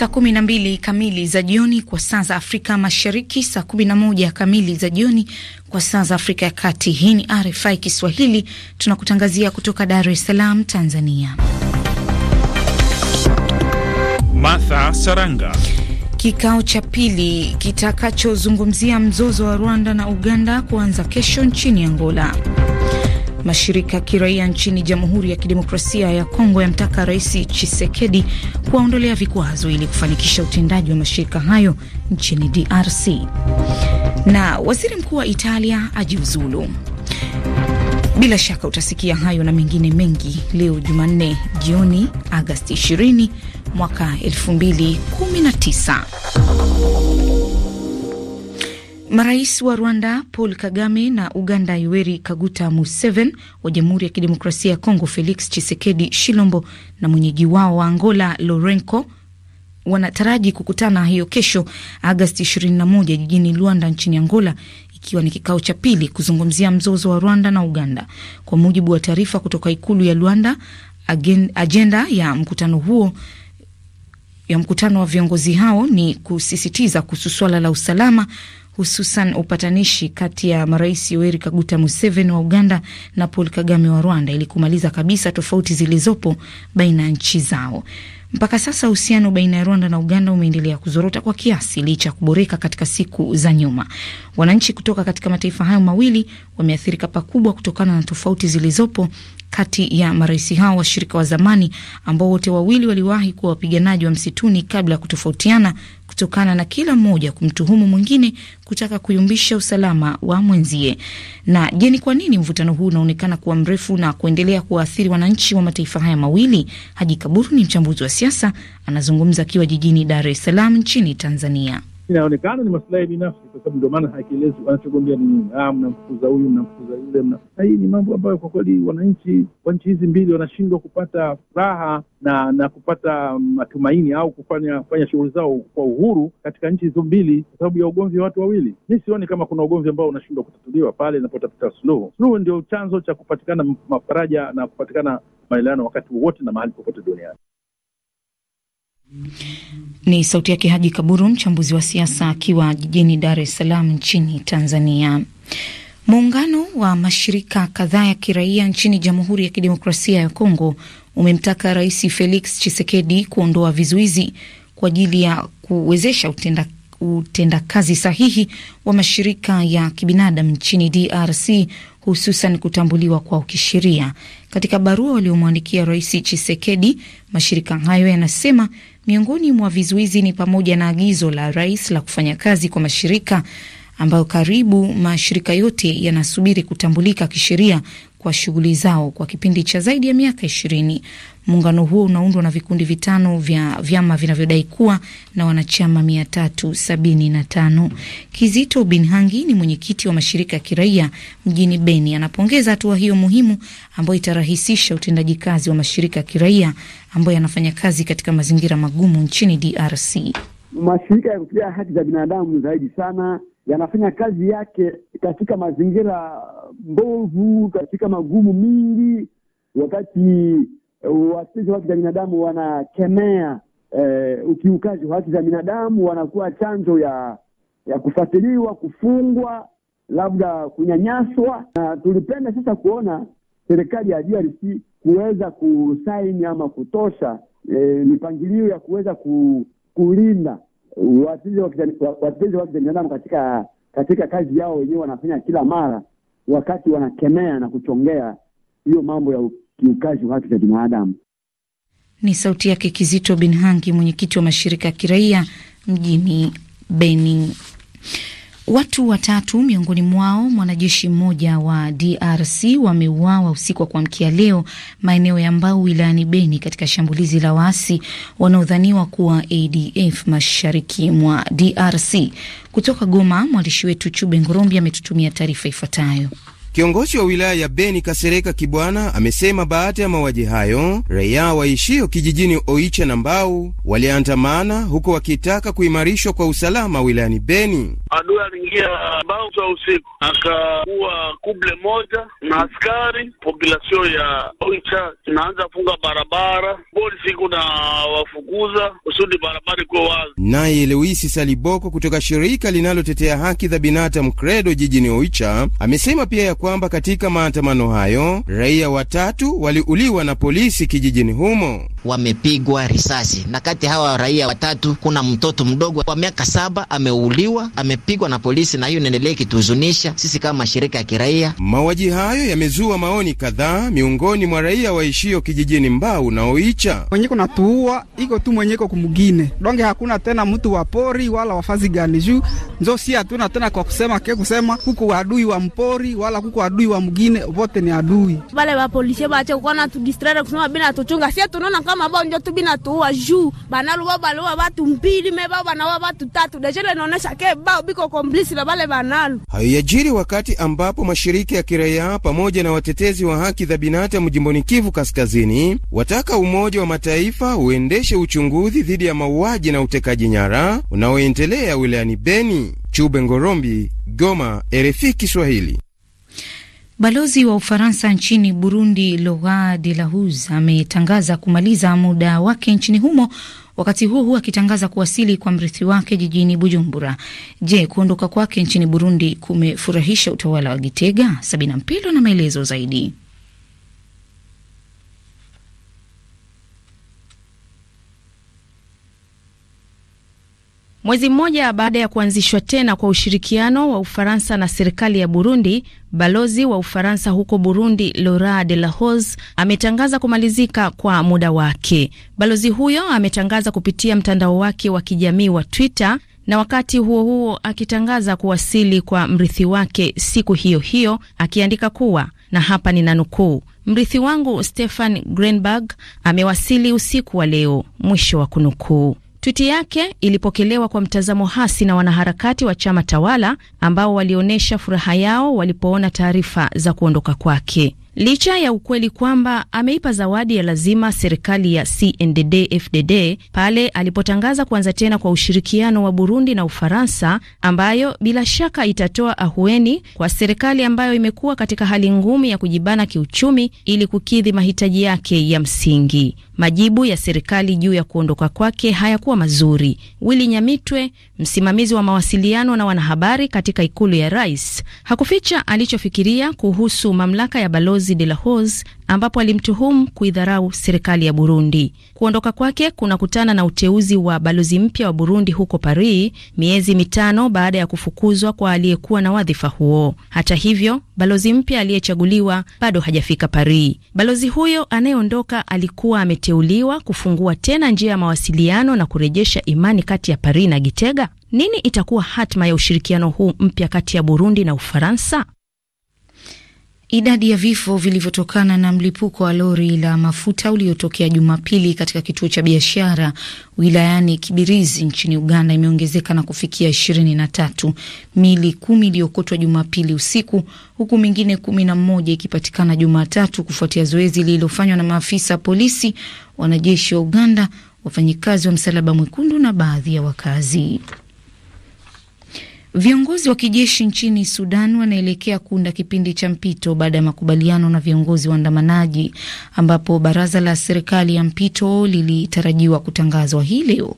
Saa 12 kamili za jioni kwa saa za Afrika Mashariki, saa 11 kamili za jioni kwa saa za Afrika ya Kati. Hii ni RFI Kiswahili, tunakutangazia kutoka Dar es Salaam, Tanzania. Martha Saranga. Kikao cha pili kitakachozungumzia mzozo wa Rwanda na Uganda kuanza kesho nchini Angola. Mashirika ya kiraia nchini Jamhuri ya Kidemokrasia ya Kongo yamtaka Rais Chisekedi kuwaondolea vikwazo ili kufanikisha utendaji wa mashirika hayo nchini DRC. Na waziri mkuu wa Italia ajiuzulu. Bila shaka utasikia hayo na mengine mengi leo Jumanne jioni Agasti 20 mwaka 2019. Marais wa Rwanda Paul Kagame na Uganda Yoweri Kaguta Museveni, wa Jamhuri ya Kidemokrasia ya Kongo Felix chisekedi shilombo na mwenyeji wao wa Angola Lourenco wanataraji kukutana hiyo kesho agosti 21 jijini Luanda nchini Angola, ikiwa ni kikao cha pili kuzungumzia mzozo wa Rwanda na Uganda. Kwa mujibu wa taarifa kutoka ikulu ya Luanda, ajenda ya mkutano huo ya mkutano wa viongozi hao ni kusisitiza kuhusu swala la usalama hususan upatanishi kati ya marais Yoweri Kaguta Museveni wa Uganda na Paul Kagame wa Rwanda ili kumaliza kabisa tofauti zilizopo baina ya nchi zao. Mpaka sasa uhusiano baina ya Rwanda na Uganda umeendelea kuzorota kwa kiasi licha ya kuboreka katika siku za nyuma. Wananchi kutoka katika mataifa hayo mawili wameathirika pakubwa kutokana na tofauti zilizopo kati ya marais hao washirika wa zamani ambao wote wawili waliwahi kuwa wapiganaji wa msituni kabla ya kutofautiana kutokana na kila mmoja kumtuhumu mwingine kutaka kuyumbisha usalama wa mwenzie. Na je, ni kwa nini mvutano huu unaonekana kuwa mrefu na kuendelea kuwaathiri wananchi wa mataifa haya mawili? Haji Kaburu ni mchambuzi wa siasa, anazungumza akiwa jijini Dar es Salaam nchini Tanzania inaonekana ni masilahi binafsi, kwa sababu ndio maana hakielezi wanachogombea ni nini. Ah, mnamfukuza huyu mnamfukuza yule mna... hii ni mambo ambayo kwa kweli wananchi wa nchi hizi mbili wanashindwa kupata raha na na kupata matumaini au kufanya kufanya shughuli zao kwa uhuru katika nchi hizo mbili kwa sababu ya ugomvi wa watu wawili. Mi sioni kama kuna ugomvi ambao unashindwa kutatuliwa pale inapotafuta suluhu. Suluhu ndio chanzo cha kupatikana mafaraja na kupatikana maelewano wakati wowote na mahali popote duniani. Ni sauti yake Haji Kaburu, mchambuzi wa siasa akiwa jijini Dar es Salaam nchini Tanzania. Muungano wa mashirika kadhaa ya kiraia nchini Jamhuri ya Kidemokrasia ya Kongo umemtaka Rais Felix Tshisekedi kuondoa vizuizi kwa ajili ya kuwezesha utenda utendakazi sahihi wa mashirika ya kibinadamu nchini DRC hususan kutambuliwa kwa kisheria. Katika barua waliomwandikia Rais Chisekedi, mashirika hayo yanasema Miongoni mwa vizuizi ni pamoja na agizo la rais la kufanya kazi kwa mashirika ambayo karibu mashirika yote yanasubiri kutambulika kisheria kwa shughuli zao kwa kipindi cha zaidi ya miaka ishirini. Muungano huo unaundwa na vikundi vitano vya vyama vinavyodai kuwa na wanachama mia tatu sabini na tano. Kizito Binhangi ni mwenyekiti wa mashirika ya kiraia mjini Beni. Anapongeza hatua hiyo muhimu ambayo itarahisisha utendaji kazi wa mashirika ya kiraia ambayo yanafanya kazi katika mazingira magumu nchini DRC. Mashirika ya kutetea haki za binadamu zaidi sana yanafanya kazi yake katika mazingira mbovu, katika magumu mingi, wakati eh, watetezi haki za binadamu wanakemea eh, ukiukaji wa haki za binadamu, wanakuwa chanzo ya ya kufuatiliwa, kufungwa, labda kunyanyaswa. Na tulipenda sasa kuona serikali ya DRC kuweza kusaini ama kutosha eh, mipangilio ya kuweza ku, kulinda watetezi wa binadamu katika katika kazi yao wenyewe wanafanya kila mara, wakati wanakemea na kuchongea hiyo mambo ya ukiukaji wa haki za binadamu. Ni sauti yake Kizito Binhangi, mwenyekiti wa mashirika ya kiraia mjini Beni. Watu watatu miongoni mwao mwanajeshi mmoja wa DRC wameuawa usiku wa kuamkia leo maeneo ya Mbau wilayani Beni katika shambulizi la waasi wanaodhaniwa kuwa ADF mashariki mwa DRC. Kutoka Goma, mwandishi wetu Chube Ngorombi ametutumia taarifa ifuatayo. Kiongozi wa wilaya ya Beni Kasereka Kibwana amesema baada ya mauaji hayo raia waishio kijijini Oicha na Mbau waliandamana huko wakitaka kuimarishwa kwa usalama wilayani Beni. Adui aliingia Mbau za usiku akaua kuble moja na askari. Populasio ya Oicha inaanza funga barabara, siku na wafukuza kusudi barabara ikuwa wazi. Naye Lewisi Saliboko kutoka shirika linalotetea haki za binadamu Kredo jijini Oicha amesema pia ya kwamba katika maandamano hayo raia watatu waliuliwa na polisi kijijini humo, wamepigwa risasi, na kati hawa raia watatu kuna mtoto mdogo wa miaka saba ameuliwa, amepigwa na polisi, na hiyo inaendelea ikituhuzunisha sisi kama mashirika ya kiraia. Mauaji hayo yamezua maoni kadhaa miongoni mwa raia waishio kijijini Mbau na Oicha. Mwenye kunatuua iko tu mwenyeko kumugine donge, hakuna tena mtu wa pori wala wafazi gani juu nzo si hatuna tena kwa kusema ke kusema huku wadui wa mpori wala kuko adui wa mgine wote ni adui. Bale ba polisi bache kuona tu distraire kusema bina tuchunga sisi tunaona kama bao ndio tu bina tuua juu banalu bao balu watu mbili me bao banaua watu tatu dejele inaonesha ke bao biko komplisi na bale banalu. Haiyajiri wakati ambapo mashirika ya kiraia pamoja na watetezi wa haki za binadamu jimboni Kivu Kaskazini wataka Umoja wa Mataifa uendeshe uchunguzi dhidi ya mauaji na utekaji nyara unaoendelea wilayani Beni. Chube Ngorombi, Goma, RFI Kiswahili. Balozi wa Ufaransa nchini Burundi, Laurent de la Huse, ametangaza kumaliza muda wake nchini humo, wakati huo huo akitangaza kuwasili kwa mrithi wake jijini Bujumbura. Je, kuondoka kwake nchini Burundi kumefurahisha utawala wa Gitega? Sabina mpilo na maelezo zaidi. Mwezi mmoja baada ya kuanzishwa tena kwa ushirikiano wa Ufaransa na serikali ya Burundi, balozi wa Ufaransa huko Burundi Laura de la Hose ametangaza kumalizika kwa muda wake. Balozi huyo ametangaza kupitia mtandao wake wa kijamii wa Twitter na wakati huo huo akitangaza kuwasili kwa mrithi wake siku hiyo hiyo, akiandika kuwa na hapa nina nukuu, mrithi wangu Stefan Grenberg amewasili usiku wa leo, mwisho wa kunukuu. Twiti yake ilipokelewa kwa mtazamo hasi na wanaharakati wa chama tawala ambao walionyesha furaha yao walipoona taarifa za kuondoka kwake. Licha ya ukweli kwamba ameipa zawadi ya lazima serikali ya CNDD-FDD pale alipotangaza kuanza tena kwa ushirikiano wa Burundi na Ufaransa, ambayo bila shaka itatoa ahueni kwa serikali ambayo imekuwa katika hali ngumu ya kujibana kiuchumi ili kukidhi mahitaji yake ya msingi. Majibu ya serikali juu ya kuondoka kwake hayakuwa mazuri. Willy Nyamitwe, msimamizi wa mawasiliano na wanahabari katika ikulu ya rais, hakuficha alichofikiria kuhusu mamlaka ya balozi Rose de la Hose ambapo alimtuhumu kuidharau serikali ya Burundi. Kuondoka kwake kunakutana na uteuzi wa balozi mpya wa Burundi huko Paris, miezi mitano baada ya kufukuzwa kwa aliyekuwa na wadhifa huo. Hata hivyo, balozi mpya aliyechaguliwa bado hajafika Paris. Balozi huyo anayeondoka alikuwa ameteuliwa kufungua tena njia ya mawasiliano na kurejesha imani kati ya Paris na Gitega. Nini itakuwa hatma ya ushirikiano huu mpya kati ya Burundi na Ufaransa? Idadi ya vifo vilivyotokana na mlipuko wa lori la mafuta uliotokea Jumapili katika kituo cha biashara wilayani Kibirizi nchini Uganda imeongezeka na kufikia ishirini na tatu. Mili kumi iliyokotwa Jumapili usiku huku mingine kumi na mmoja ikipatikana Jumatatu kufuatia zoezi lililofanywa na maafisa polisi, wanajeshi wa Uganda, wafanyikazi wa Msalaba Mwekundu na baadhi ya wakazi. Viongozi wa kijeshi nchini Sudan wanaelekea kuunda kipindi cha mpito baada ya makubaliano na viongozi waandamanaji, ambapo baraza la serikali ya mpito lilitarajiwa kutangazwa hii leo.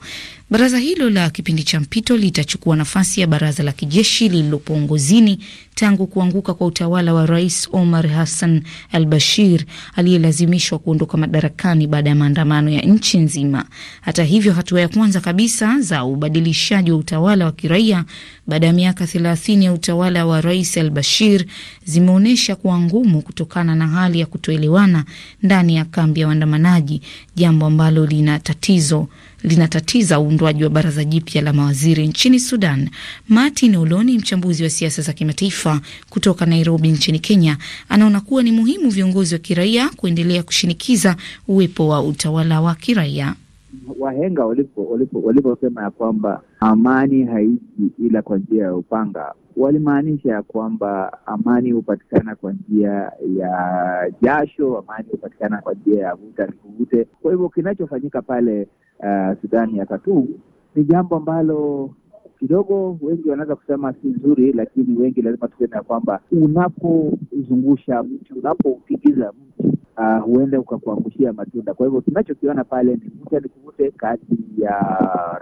Baraza hilo la kipindi cha mpito litachukua nafasi ya baraza la kijeshi lililopo uongozini tangu kuanguka kwa utawala wa Rais Omar Hassan al Bashir aliyelazimishwa kuondoka madarakani baada ya maandamano ya nchi nzima. Hata hivyo, hatua ya kwanza kabisa za ubadilishaji wa utawala wa kiraia baada ya miaka thelathini ya utawala wa Rais al Bashir zimeonyesha kuwa ngumu kutokana na hali ya kutoelewana ndani ya kambi ya waandamanaji, jambo ambalo lina tatizo linatatiza uundwaji wa baraza jipya la mawaziri nchini Sudan. Martin Oloni, mchambuzi wa siasa za kimataifa kutoka Nairobi nchini Kenya, anaona kuwa ni muhimu viongozi wa kiraia kuendelea kushinikiza uwepo wa utawala wa kiraia wahenga waliposema ya kwamba amani haiji ila kwa njia ya upanga, walimaanisha ya kwamba amani hupatikana kwa njia ya jasho, amani hupatikana kwa njia ya vuta nikuvute. Kwa hivyo kinachofanyika pale uh, Sudani ya Katumu ni jambo ambalo kidogo, wengi wanaweza kusema si nzuri, lakini wengi lazima tuseme ya kwamba unapozungusha mti, unapoupigiza mti Uh, ah, huenda ukakuangushia matunda. Kwa hivyo tunachokiona pale ni vuta ni kuvute kati ya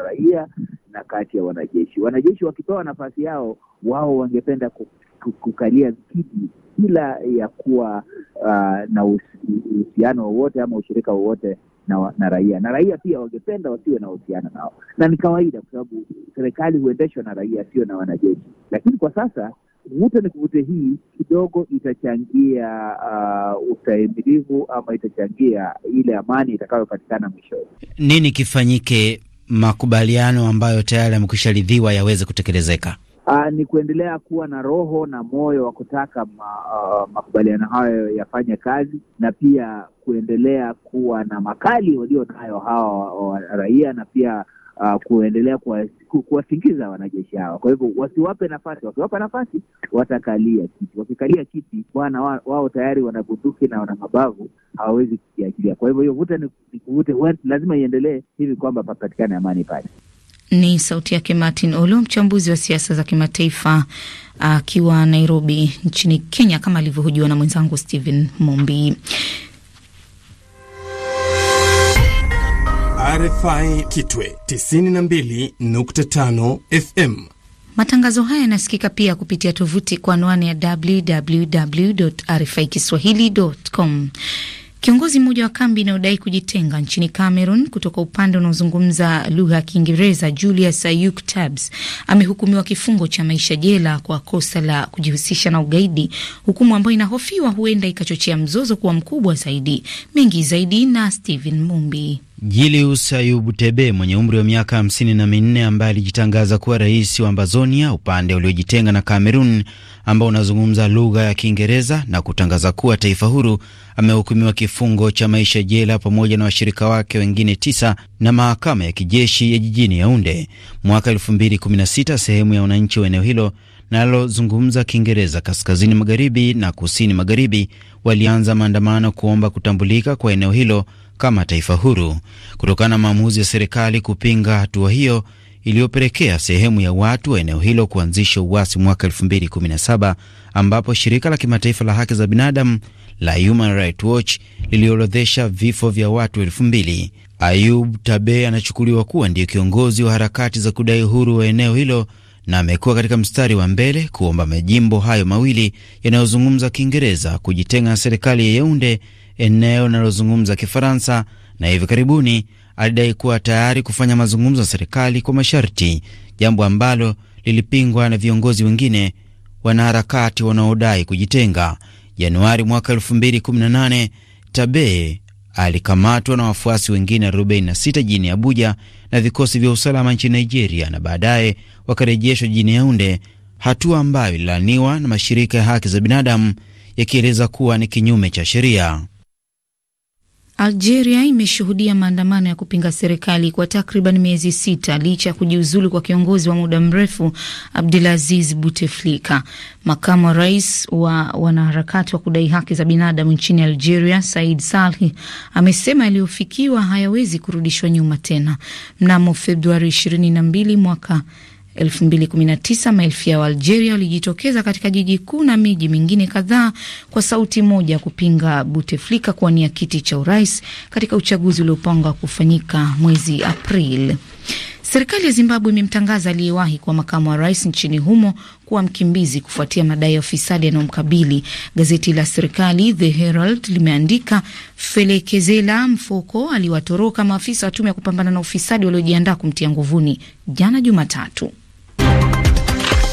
raia na kati ya wanajeshi. Wanajeshi wakipewa nafasi yao, wao wangependa kukalia kiti bila ya kuwa uh, na uhusiano wowote ama ushirika wowote na, na raia na raia pia wangependa wasiwe na uhusiano nao, na ni kawaida kwa sababu serikali huendeshwa na raia, sio na wanajeshi. Lakini kwa sasa vuta ni kuvute hii kidogo itachangia uh, ustahimilivu ama itachangia ile amani itakayopatikana mwishoni. Nini kifanyike makubaliano ambayo tayari yamekwisha ridhiwa yaweze kutekelezeka? uh, ni kuendelea kuwa na roho na moyo wa kutaka ma, uh, makubaliano hayo yafanye kazi na pia kuendelea kuwa na makali walio nayo hawa raia na pia Uh, kuendelea kuwasingiza wanajeshi hawa. Kwa hivyo wasiwape nafasi, wakiwapa nafasi watakalia kiti. Wakikalia kiti, bwana wao tayari wana bunduki na wana mabavu, hawawezi kukiachilia. Kwa hivyo hiyo vuta ni kuvute lazima iendelee hivi kwamba papatikane amani pale. Ni sauti yake Martin Olo, mchambuzi wa siasa za kimataifa akiwa Nairobi nchini Kenya, kama alivyohojiwa na mwenzangu Stephen Mumbi. RFI Kitwe 92.5 FM. Matangazo haya yanasikika pia kupitia tovuti kwa anwani ya www.rfikiswahili.com. Kiongozi mmoja wa kambi inayodai kujitenga nchini Cameroon kutoka upande unaozungumza lugha ya Kiingereza, Julius Ayuk Tabs amehukumiwa kifungo cha maisha jela kwa kosa la kujihusisha na ugaidi, hukumu ambayo inahofiwa huenda ikachochea mzozo kuwa mkubwa zaidi. Mengi zaidi na Stephen Mumbi. Julius Ayub Tebe mwenye umri wa miaka hamsini na minne ambaye alijitangaza kuwa rais wa Ambazonia, upande uliojitenga na Kamerun ambao unazungumza lugha ya Kiingereza na kutangaza kuwa taifa huru, amehukumiwa kifungo cha maisha jela pamoja na washirika wake wengine tisa na mahakama ya kijeshi ya jijini Yaunde mwaka 2016 sehemu ya wananchi wa eneo hilo nalozungumza Kiingereza kaskazini magharibi na kusini magharibi walianza maandamano kuomba kutambulika kwa eneo hilo kama taifa huru kutokana na maamuzi ya serikali kupinga hatua hiyo iliyopelekea sehemu ya watu wa eneo hilo kuanzisha uasi mwaka 2017 ambapo shirika la kimataifa la haki za binadamu la Human Rights Watch liliorodhesha vifo vya watu 2000 Ayub Tabe anachukuliwa kuwa ndiyo kiongozi wa harakati za kudai uhuru wa eneo hilo na amekuwa katika mstari wa mbele kuomba majimbo hayo mawili yanayozungumza Kiingereza kujitenga na serikali ya Yeunde eneo linalozungumza Kifaransa, na hivi karibuni alidai kuwa tayari kufanya mazungumzo ya serikali kwa masharti, jambo ambalo lilipingwa na viongozi wengine wanaharakati wanaodai kujitenga. Januari mwaka 2018 Tabe alikamatwa na wafuasi wengine 46 jijini Abuja na vikosi vya usalama nchini Nigeria na baadaye wakarejeshwa jijini Yaunde, hatua ambayo ililaniwa na mashirika ya haki za binadamu yakieleza kuwa ni kinyume cha sheria. Algeria imeshuhudia maandamano ya kupinga serikali kwa takriban miezi sita licha ya kujiuzulu kwa kiongozi wa muda mrefu Abdulaziz buteflika Makamu wa rais wa wanaharakati wa kudai haki za binadamu nchini Algeria, Said Salhi, amesema yaliyofikiwa hayawezi kurudishwa nyuma tena. Mnamo Februari 22 mwaka 2019 maelfu ya Waalgeria walijitokeza katika jiji kuu na miji mingine kadhaa kwa sauti moja kupinga Buteflika kuwania kiti cha urais katika uchaguzi uliopangwa kufanyika mwezi Aprili. Serikali ya Zimbabwe imemtangaza aliyewahi kuwa makamu wa rais nchini humo kuwa mkimbizi kufuatia madai ya ufisadi yanayomkabili. Gazeti la serikali The Herald limeandika, Felekezela Mfoko aliwatoroka maafisa wa tume ya kupambana na ufisadi waliojiandaa kumtia nguvuni jana Jumatatu.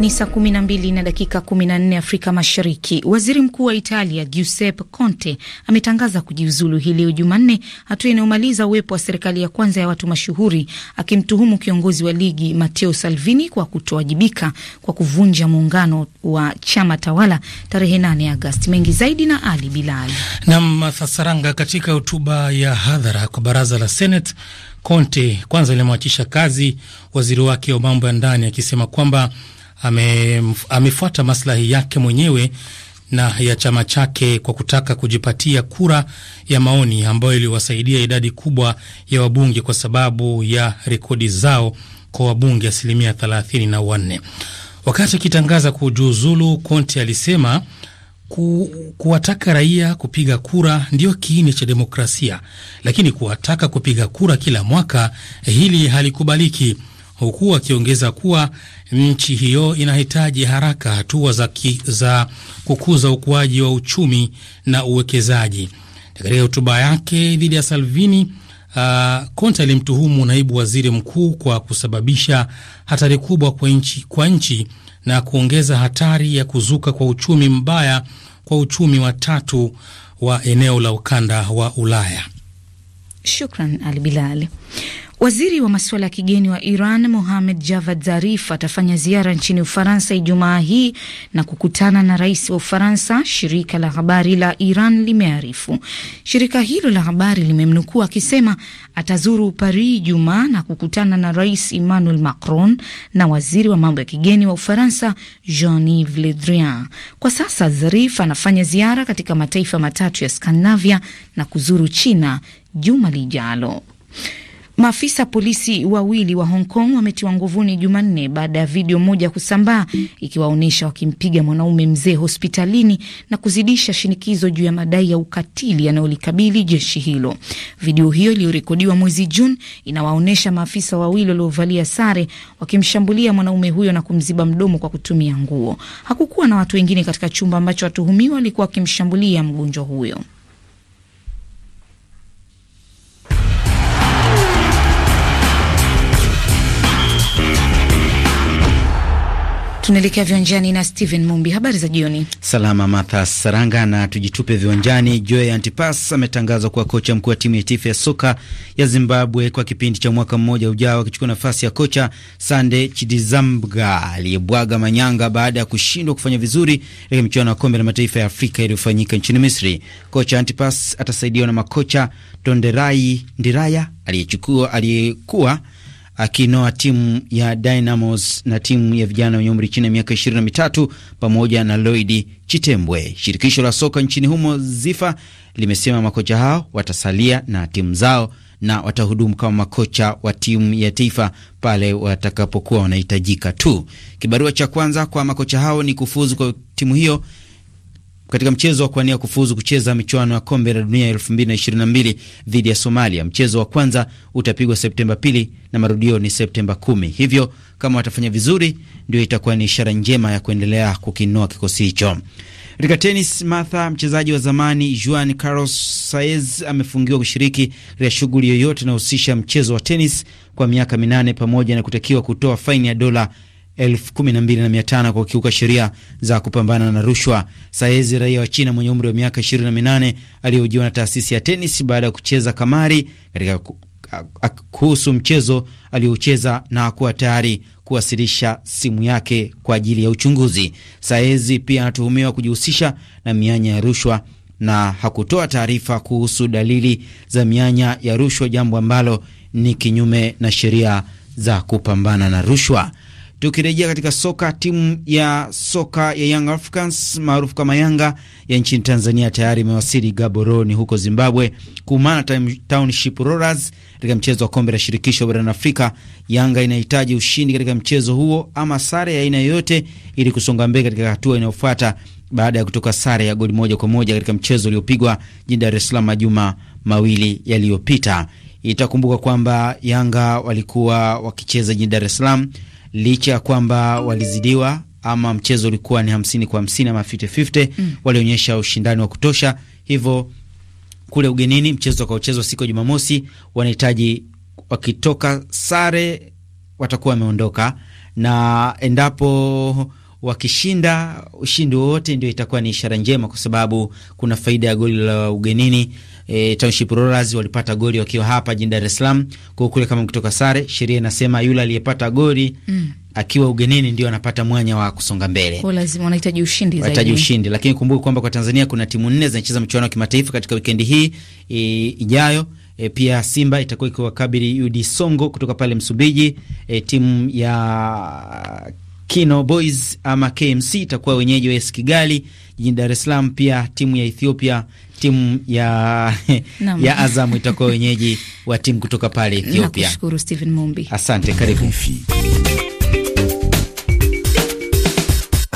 Ni saa 12 na dakika 14 Afrika Mashariki. Waziri mkuu wa Italia Giuseppe Conte ametangaza kujiuzulu hii leo Jumanne, hatua inayomaliza uwepo wa serikali ya kwanza ya watu mashuhuri, akimtuhumu kiongozi wa ligi Matteo Salvini kwa kutowajibika kwa kuvunja muungano wa chama tawala tarehe 8 Agasti. Mengi zaidi na Ali Bilali na Martha Katika hotuba ya hadhara kwa baraza la Senate, Conte kwanza alimwachisha kazi waziri wake wa mambo ya ndani akisema kwamba ame, amefuata maslahi yake mwenyewe na ya chama chake kwa kutaka kujipatia kura ya maoni ambayo iliwasaidia idadi kubwa ya wabunge kwa sababu ya rekodi zao kwa wabunge asilimia thelathini na wanne. Wakati akitangaza kujiuzulu, Conte alisema ku, kuwataka raia kupiga kura ndio kiini cha demokrasia, lakini kuwataka kupiga kura kila mwaka hili halikubaliki huku akiongeza kuwa nchi hiyo inahitaji haraka hatua za, za kukuza ukuaji wa uchumi na uwekezaji. Katika hotuba yake dhidi ya Salvini, uh, Conte alimtuhumu naibu waziri mkuu kwa kusababisha hatari kubwa kwa nchi, kwa nchi na kuongeza hatari ya kuzuka kwa uchumi mbaya kwa uchumi wa tatu wa eneo la ukanda wa Ulaya. Shukran Ali Bilali. Waziri wa masuala ya kigeni wa Iran Mohamed Javad Zarif atafanya ziara nchini Ufaransa Ijumaa hii na kukutana na rais wa Ufaransa, shirika la habari la Iran limearifu. Shirika hilo la habari limemnukuu akisema atazuru Paris Ijumaa na kukutana na rais Emmanuel Macron na waziri wa mambo ya kigeni wa Ufaransa Jean-Yves Le Drian. Kwa sasa Zarif anafanya ziara katika mataifa matatu ya Skandinavia na kuzuru China juma lijalo. Maafisa polisi wawili wa Hong Kong wametiwa nguvuni Jumanne baada ya video moja kusambaa ikiwaonyesha wakimpiga mwanaume mzee hospitalini na kuzidisha shinikizo juu ya madai ya ukatili yanayolikabili jeshi hilo. Video hiyo iliyorekodiwa mwezi Juni inawaonyesha maafisa wawili waliovalia sare wakimshambulia mwanaume huyo na kumziba mdomo kwa kutumia nguo. Hakukuwa na watu wengine katika chumba ambacho watuhumiwa walikuwa wakimshambulia mgonjwa huyo. Tunaelekea viwanjani na Steven Mumbi. Habari za jioni. Salama Martha Saranga, na tujitupe viwanjani. Joe Antipas ametangazwa kuwa kocha mkuu wa timu ya taifa ya soka ya Zimbabwe kwa kipindi cha mwaka mmoja ujao, akichukua nafasi ya kocha Sande Chidizambga aliyebwaga manyanga baada ya kushindwa kufanya vizuri katika michuano ya kombe la mataifa ya Afrika iliyofanyika nchini Misri. Kocha Antipas atasaidiwa na makocha Tonderai Ndiraya aliyechukua aliyekuwa akinoa timu ya Dynamos na timu ya vijana wenye umri chini ya miaka 23 pamoja na Lloyd Chitembwe. Shirikisho la soka nchini humo ZIFA limesema makocha hao watasalia na timu zao na watahudumu kama makocha wa timu ya taifa pale watakapokuwa wanahitajika tu. Kibarua cha kwanza kwa makocha hao ni kufuzu kwa timu hiyo katika mchezo wa kuania kufuzu kucheza michuano ya kombe la dunia 2022 dhidi ya Somalia. Mchezo wa kwanza utapigwa Septemba pili na marudio ni Septemba kumi. Hivyo kama watafanya vizuri, ndio itakuwa ni ishara njema ya kuendelea kukinoa kikosi hicho. Katika tenis, Martha, mchezaji wa zamani Juan Carlos Saez amefungiwa kushiriki katika shughuli yoyote inayohusisha mchezo wa tenis kwa miaka minane pamoja na kutakiwa kutoa faini ya dola elfu kumi na mbili na mia tano kwa kukiuka sheria za kupambana na rushwa. Saezi, raia wa China mwenye umri wa miaka 28 aliyehojiwa na taasisi ya tenis baada ya kucheza kamari katika kuhusu mchezo aliocheza na kuwa tayari kuwasilisha simu yake kwa ajili ya uchunguzi. Saezi pia anatuhumiwa kujihusisha na mianya ya rushwa na hakutoa taarifa kuhusu dalili za mianya ya rushwa, jambo ambalo ni kinyume na sheria za kupambana na rushwa. Tukirejea katika soka, timu ya soka ya Young Africans maarufu kama Yanga ya nchini Tanzania tayari imewasili Gaboroni huko Zimbabwe kuumana Township Rollers katika mchezo wa kombe la shirikisho barani Afrika. Yanga inahitaji ushindi katika mchezo huo ama sare ya aina yoyote ili kusonga mbele katika hatua inayofuata baada ya kutoka sare ya goli moja kwa moja katika mchezo uliopigwa jijini Dar es Salaam majuma mawili yaliyopita. Itakumbuka kwamba Yanga walikuwa wakicheza jijini Dar es Salaam licha ya kwamba walizidiwa ama mchezo ulikuwa ni hamsini kwa hamsini ama 50-50 mm. Walionyesha ushindani wa kutosha, hivyo kule ugenini mchezo utakaochezwa siku ya Jumamosi, wanahitaji wakitoka sare watakuwa wameondoka, na endapo wakishinda ushindi wowote, ndio itakuwa ni ishara njema, kwa sababu kuna faida ya goli la ugenini e, Township Rollers walipata goli wakiwa hapa jijini Dar es Salaam. Kwa kule kama mkitoka sare, sheria inasema yule aliyepata goli mm akiwa ugenini ndio anapata mwanya wa kusonga mbele. Kwa lazima wanahitaji ushindi zaidi. Wanahitaji ushindi, lakini kumbuka kwamba kwa Tanzania kuna timu nne zinacheza mchuano wa kimataifa katika wikendi hii e, ijayo. E, pia Simba itakuwa ikiwakabili UD Songo kutoka pale Msumbiji. E, timu ya Kino Boys ama KMC itakuwa wenyeji wa AS Kigali jijini Dar es Salaam. Pia timu ya Ethiopia timu ya, ya Azamu itakuwa wenyeji wa timu kutoka pale Ethiopia. Nakushukuru Steven Mumbi, asante. Karibu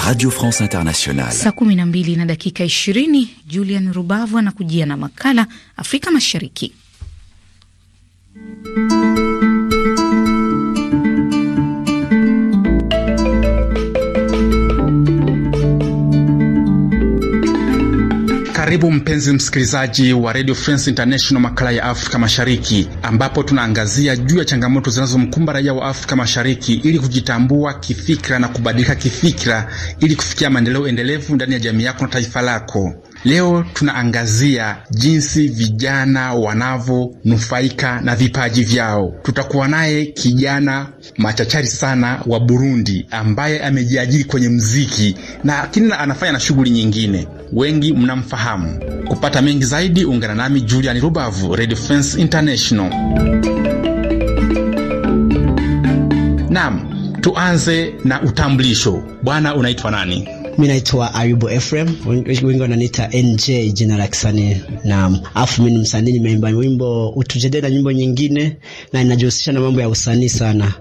Radio France Internationale. Saa 12 na dakika 20, Julian Rubavu anakujia na makala Afrika Mashariki. Karibu mpenzi msikilizaji wa Radio France International, makala ya Afrika Mashariki, ambapo tunaangazia juu ya changamoto zinazomkumba raia wa Afrika Mashariki ili kujitambua kifikra na kubadilika kifikra ili kufikia maendeleo endelevu ndani ya jamii yako na taifa lako. Leo tunaangazia jinsi vijana wanavyonufaika na vipaji vyao. Tutakuwa naye kijana machachari sana wa Burundi ambaye amejiajiri kwenye mziki, lakini anafanya na shughuli nyingine, wengi mnamfahamu. Kupata mengi zaidi, ungana nami Julian Rubavu, Radio France International. Naam, tuanze na utambulisho. Bwana, unaitwa nani? mi naitwa Ayubu Ephraim, wengi wananiita NJ, jina la kisanii. Naam, afu mi ni msanii, nimeimba wimbo Utujede na nyimbo nyingine, na ninajihusisha na mambo ya usanii sana.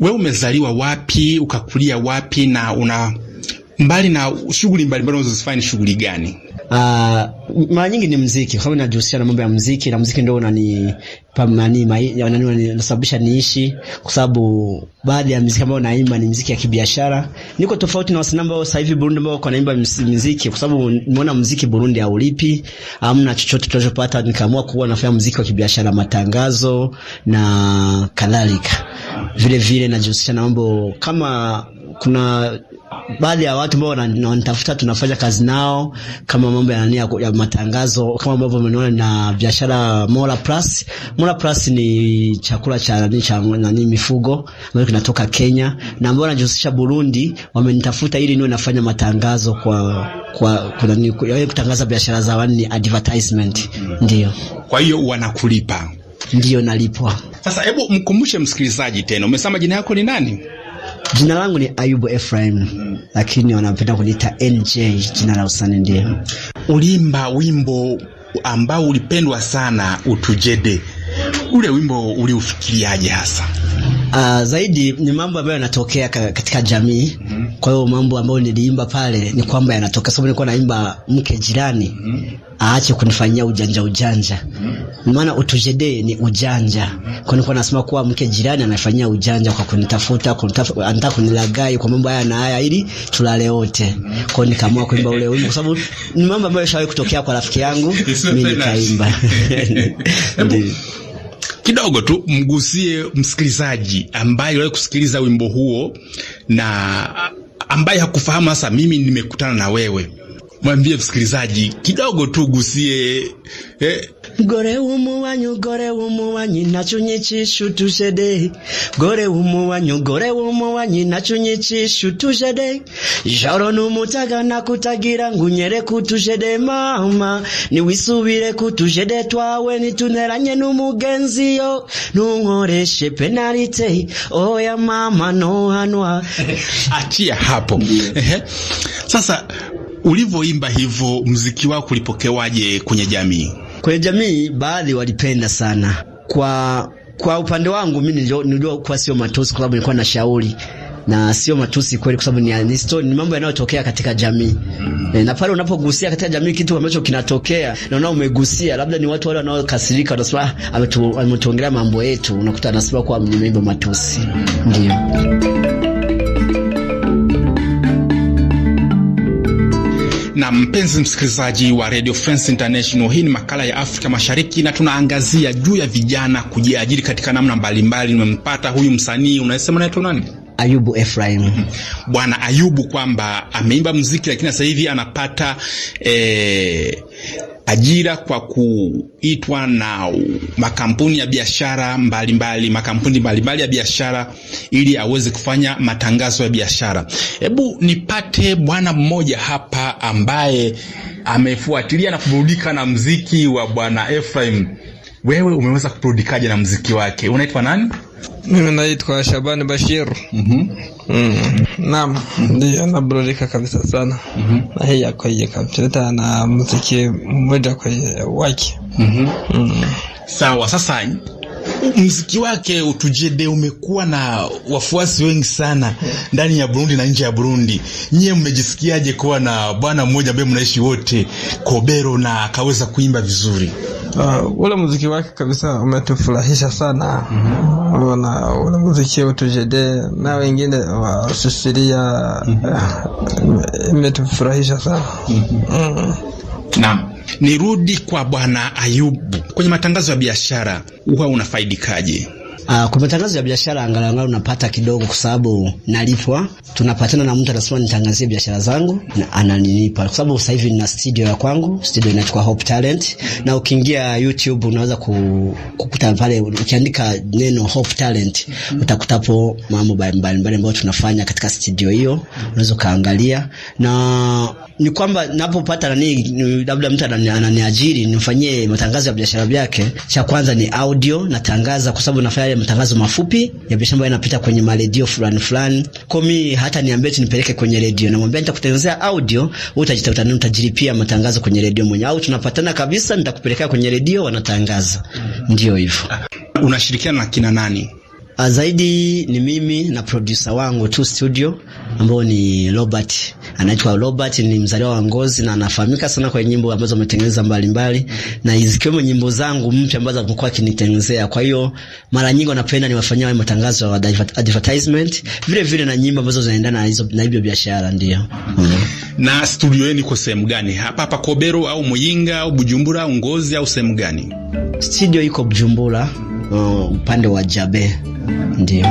We umezaliwa wapi? Ukakulia wapi? na una mbali na shughuli mbalimbali unazozifanya ni shughuli gani? Uh, mara nyingi ni mziki kwa sababu najihusisha na mambo ya mziki na mziki ndio unani unasababisha niishi, kwa sababu baadhi ya mziki ambayo naimba ni mziki ya kibiashara. Niko tofauti na wasanii ambao sasa hivi Burundi ambao naimba mziki, kwa sababu nimeona mziki Burundi haulipi, hamna chochote tunachopata. Nikaamua kuwa nafanya mziki wa kibiashara, matangazo na kadhalika. Vile vile najihusisha na mambo kama kuna baadhi ya watu ambao wananitafuta tunafanya kazi nao, kama mambo ya nani ya matangazo, kama ambavyo umeona na biashara Mola Plus. Mola Plus ni chakula cha nani cha nani mifugo ambayo kinatoka Kenya, na ambao wanajihusisha Burundi wamenitafuta ili niwe nafanya matangazo kwa kwa kuna ni kutangaza biashara zao, ni advertisement. Mm. Ndio, kwa hiyo wanakulipa? Ndio, nalipwa. Sasa hebu mkumbushe msikilizaji tena, umesema jina yako ni nani? Jina langu ni Ayubu Ephraim, mm. lakini wanapenda kuniita NJ, jina la usani. Ndio ulimba wimbo ambao ulipendwa sana utujede. Ule wimbo uliufikiriaje hasa? Uh, zaidi ni mambo ambayo yanatokea katika jamii. Mm-hmm. Kwa hiyo mambo ambayo niliimba pale ni kwamba yanatokea, sababu nilikuwa naimba mke jirani mm-hmm. aache kunifanyia ujanja ujanja. Mm-hmm maana utujede ni ujanja. Kwa nini nasema kuwa mke jirani anafanyia ujanja kwa kunitafuta, anataka kunilagai kwa mambo haya na haya ili tulale wote. Kwa hiyo nikaamua kuimba ule wimbo kwa sababu ni mambo ambayo yashawahi kutokea kwa rafiki yangu, mimi nikaimba. Kidogo tu mgusie msikilizaji ambaye wewe kusikiliza wimbo huo na ambaye hakufahamu sasa mimi nimekutana na wewe. Mwambie msikilizaji kidogo tu gusie eh, gore umu wanyu gore umu wanyi nachunyichishu tujede gore umu wanyu gore umu wanyi nachunyichishu tujede jaro numutaga kutagira ngunyere kutujede mama ni niwisubire kutujede twawe nituneranye n'umugenziyo she penalite oya mama no hanwa achia hapo sasa ulivyoimba hivyo mziki wako ulipokewaje kwenye jamii Kwenye jamii baadhi walipenda sana. Kwa kwa upande wangu mimi nilijua kuwa sio matusi, kwa sababu nilikuwa na shauri na sio matusi kweli, kwa sababu ni history, ni mambo yanayotokea katika jamii e, na pale unapogusia katika jamii kitu ambacho kinatokea na umegusia, labda ni watu wale wanaokasirika, wanasema ametuongelea mambo yetu, unakuta anasema kwa mmeimba matusi, mm. ndio na mpenzi msikilizaji wa Radio France International, hii ni makala ya Afrika Mashariki na tunaangazia juu ya vijana kujiajiri katika namna mbalimbali. Nimempata huyu msanii, unasema naitwa nani? Ayubu Efraim. Mhm. Bwana Ayubu kwamba ameimba muziki lakini sasa hivi anapata eh, ajira kwa kuitwa na makampuni ya biashara mbalimbali, makampuni mbalimbali ya biashara ili aweze kufanya matangazo ya biashara. Hebu nipate bwana mmoja hapa ambaye amefuatilia na kuburudika na mziki wa bwana Efraim. Wewe umeweza kuburudikaje na mziki wake? Unaitwa nani? Mimi naitwa Shabani Bashir. Mhm. mm -hmm. Naam, ndio naburudika kabisa sana mm -hmm. na hii yako hii kabisa na muziki mmoja kwa wake. Mhm. Mm. Sawa, sasa mziki wake Utujede umekuwa na wafuasi wengi sana ndani ya Burundi na nje ya Burundi. Nyie mmejisikiaje kuwa na bwana mmoja ambaye mnaishi wote Kobero na akaweza kuimba vizuri? Uh, ule muziki wake kabisa umetufurahisha sana mm -hmm. Na ule muziki Utujede na wengine wa mm -hmm. Imetufurahisha sana mm -hmm. mm. Naam. Nirudi kwa Bwana Ayubu, kwenye matangazo ya biashara huwa unafaidikaje? Uh, kwa matangazo ya biashara angalau angalau napata kidogo, kwa sababu nalipwa. Tunapatana na mtu anasema nitangazie biashara zangu na ananilipa, kwa sababu sasa hivi nina studio ya kwangu. Studio inaitwa Hope Talent, na ukiingia YouTube unaweza kukuta pale, ukiandika neno Hope Talent utakutapo mambo mbalimbali ambayo tunafanya katika studio hiyo, unaweza kaangalia na ni kwamba napopata nani, labda mtu ananiajiri nimfanyie matangazo ya biashara yake, cha kwanza ni audio natangaza, kwa sababu nafanya matangazo mafupi ya biashara ambayo yanapita kwenye maredio fulani fulani. Kwa mimi hata niambie tu nipeleke kwenye redio, namwambia nitakutengenezea audio, wewe utajitafuta nini, utajilipia matangazo kwenye redio mwenye, au tunapatana kabisa, nitakupelekea kwenye redio wanatangaza. Ndio hivyo. Unashirikiana na kina nani? Ah, zaidi ni mimi na producer wangu tu studio ambao ni Robert. Anaitwa Robert, ni mzaliwa wa Ngozi na anafahamika sana kwa nyimbo ambazo ametengeneza mbalimbali na zikiwemo nyimbo zangu mpya ambazo amekuwa akinitengenezea. Kwa hiyo mara nyingi wanapenda niwafanyia wao matangazo ya advertisement, vile vile na nyimbo ambazo zinaendana na hizo na hiyo biashara ndio. Mm. Na studio yenu iko sehemu gani? Hapa hapa Kobero au Muyinga au Bujumbura au Ngozi au sehemu gani? Studio iko Bujumbura uh, upande wa Jabe ndio.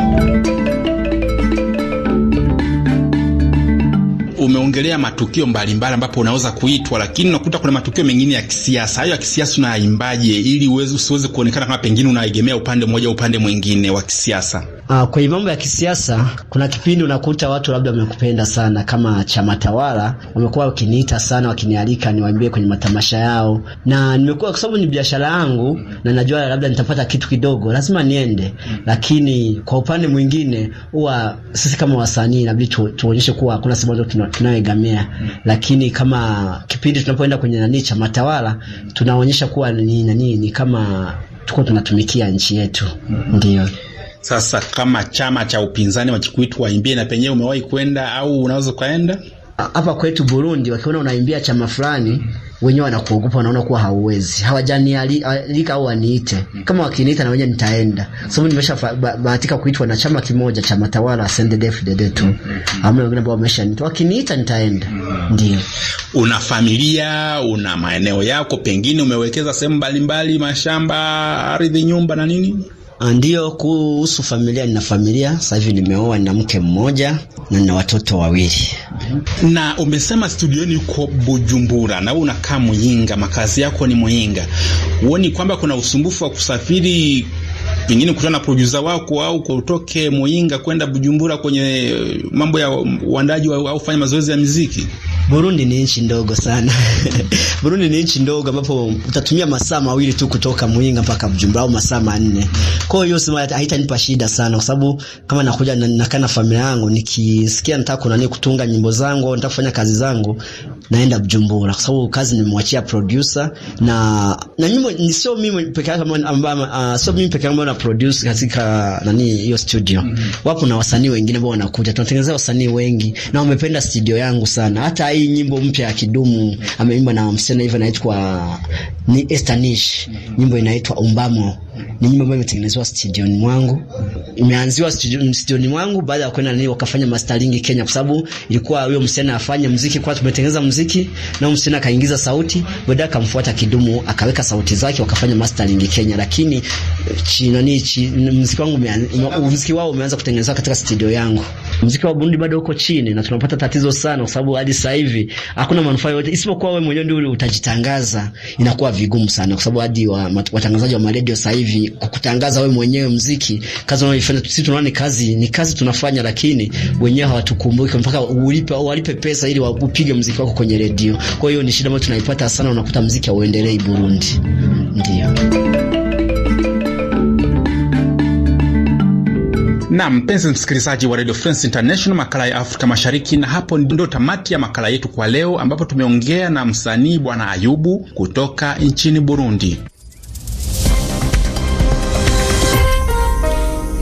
Umeongelea matukio mbalimbali ambapo unaweza kuitwa, lakini unakuta kuna matukio mengine ya kisiasa. Hayo ya kisiasa unayaimbaje ili usiweze kuonekana kama pengine unaegemea upande mmoja upande mwingine wa kisiasa? Uh, kwenye mambo ya kisiasa kuna kipindi unakuta watu labda wamekupenda sana kama chama tawala, wamekuwa wakiniita sana, wakinialika niwaambie kwenye matamasha yao, na nimekuwa kwa sababu ni biashara yangu na najua labda nitapata kitu kidogo, lazima niende. Lakini kwa upande mwingine, huwa sisi kama wasanii inabidi tu, tuonyeshe kuwa hakuna sehemu tunayoegamea, lakini kama kipindi tunapoenda kwenye nani chama tawala, tunaonyesha kuwa ni nani, ni kama tuko tunatumikia nchi yetu, ndio. mm -hmm. Sasa kama chama cha upinzani wa wakikuita waimbie, na penyewe umewahi kwenda au unaweza ukaenda? Hapa kwetu Burundi, wakiona unaimbia chama fulani wenyewe wanakuogopa, wanaona kuwa hauwezi. Hawajanialika au waniite, hmm. kama wakiniita na wenyewe nitaenda, sababu nimeshabahatika kuitwa na chama kimoja, chama tawala CNDD-FDD tu, hmm. amna wengine ambao wameshaniita. Wakiniita nitaenda. Hmm. Ndio, una familia, una maeneo yako, pengine umewekeza sehemu mbalimbali, mashamba, ardhi, nyumba na nini Ah, Ndiyo, kuhusu familia, nina familia sasa hivi, nimeoa na mke mmoja na nina watoto wawili. Na umesema studioni uko Bujumbura na wewe unakaa Muyinga, makazi yako ni Muyinga. Huoni kwamba kuna usumbufu wa kusafiri pengine kutana na producer wako au kutoke Muyinga kwenda Bujumbura kwenye eh, mambo ya uandaji au kufanya mazoezi ya muziki? Burundi ni nchi ndogo sana. Burundi ni nchi ndogo ambapo utatumia masaa mawili tu kutoka Muyinga mpaka Bujumbura au masaa manne. Kwa hiyo sema haitanipa shida sana kwa sababu kama nakuja na nakaa na familia yangu nikisikia nataka kuna nini kutunga nyimbo zangu au nataka kufanya kazi zangu naenda Bujumbura kwa sababu kazi nimemwachia producer na na nyimbo ni sio mimi peke yake ambaye uh, ah, sio mimi peke yangu na produce katika nani hiyo studio. Mm -hmm. Wapo na wasanii wengine ambao wanakuja. Tunatengenezea wasanii wengi na wamependa studio yangu sana. Hata hii nyimbo mpya ya kidumu ameimba na msichana hivi anaitwa ni Estanish. Nyimbo inaitwa Umbamo. Ni nyimbo ambayo imetengenezwa studio ni mwangu, imeanziwa ni mwangu, baada ya kwenda nini wakafanya mastering Kenya, kwa sababu ilikuwa huyo msichana afanye muziki, kwa tumetengeneza muziki na msichana akaingiza sauti, baadaye akamfuata kidumu akaweka sauti zake, wakafanya mastering Kenya, lakini eh, chini nani, muziki wangu muziki wao umeanza kutengenezwa katika studio yangu muziki wa Burundi bado uko chini na tunapata tatizo sana, kwa sababu hadi sasa hivi hakuna manufaa yote isipokuwa wewe mwenyewe ndio utajitangaza. Inakuwa vigumu sana, kwa sababu hadi wa, watangazaji wa maredio sasa hivi kukutangaza wewe mwenyewe muziki, kazi unayoifanya sisi tunaona ni kazi, ni kazi tunafanya, lakini wenyewe hawatukumbuki mpaka ulipe au walipe pesa ili upige muziki wako kwenye redio. Kwa hiyo ni shida ambayo tunaipata sana, unakuta muziki hauendelei Burundi, ndio Na mpenzi msikilizaji wa Radio France International, makala ya Afrika Mashariki, na hapo ndio tamati ya makala yetu kwa leo, ambapo tumeongea na msanii Bwana Ayubu kutoka nchini Burundi.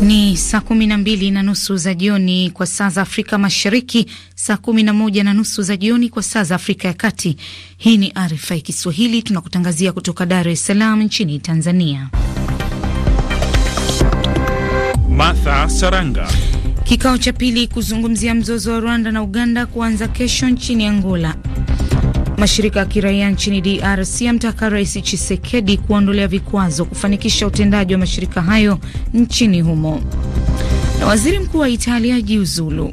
Ni saa kumi na mbili na nusu za jioni kwa saa za Afrika Mashariki, saa kumi na moja na nusu za jioni kwa saa za Afrika ya Kati. Hii ni RFI Kiswahili, tunakutangazia kutoka Dar es Salaam nchini Tanzania. Martha Saranga. Kikao cha pili kuzungumzia mzozo wa Rwanda na Uganda kuanza kesho nchini Angola. Mashirika ya kiraia nchini DRC amtaka Rais chisekedi kuondolea vikwazo kufanikisha utendaji wa mashirika hayo nchini humo. Na waziri mkuu wa Italia jiuzulu.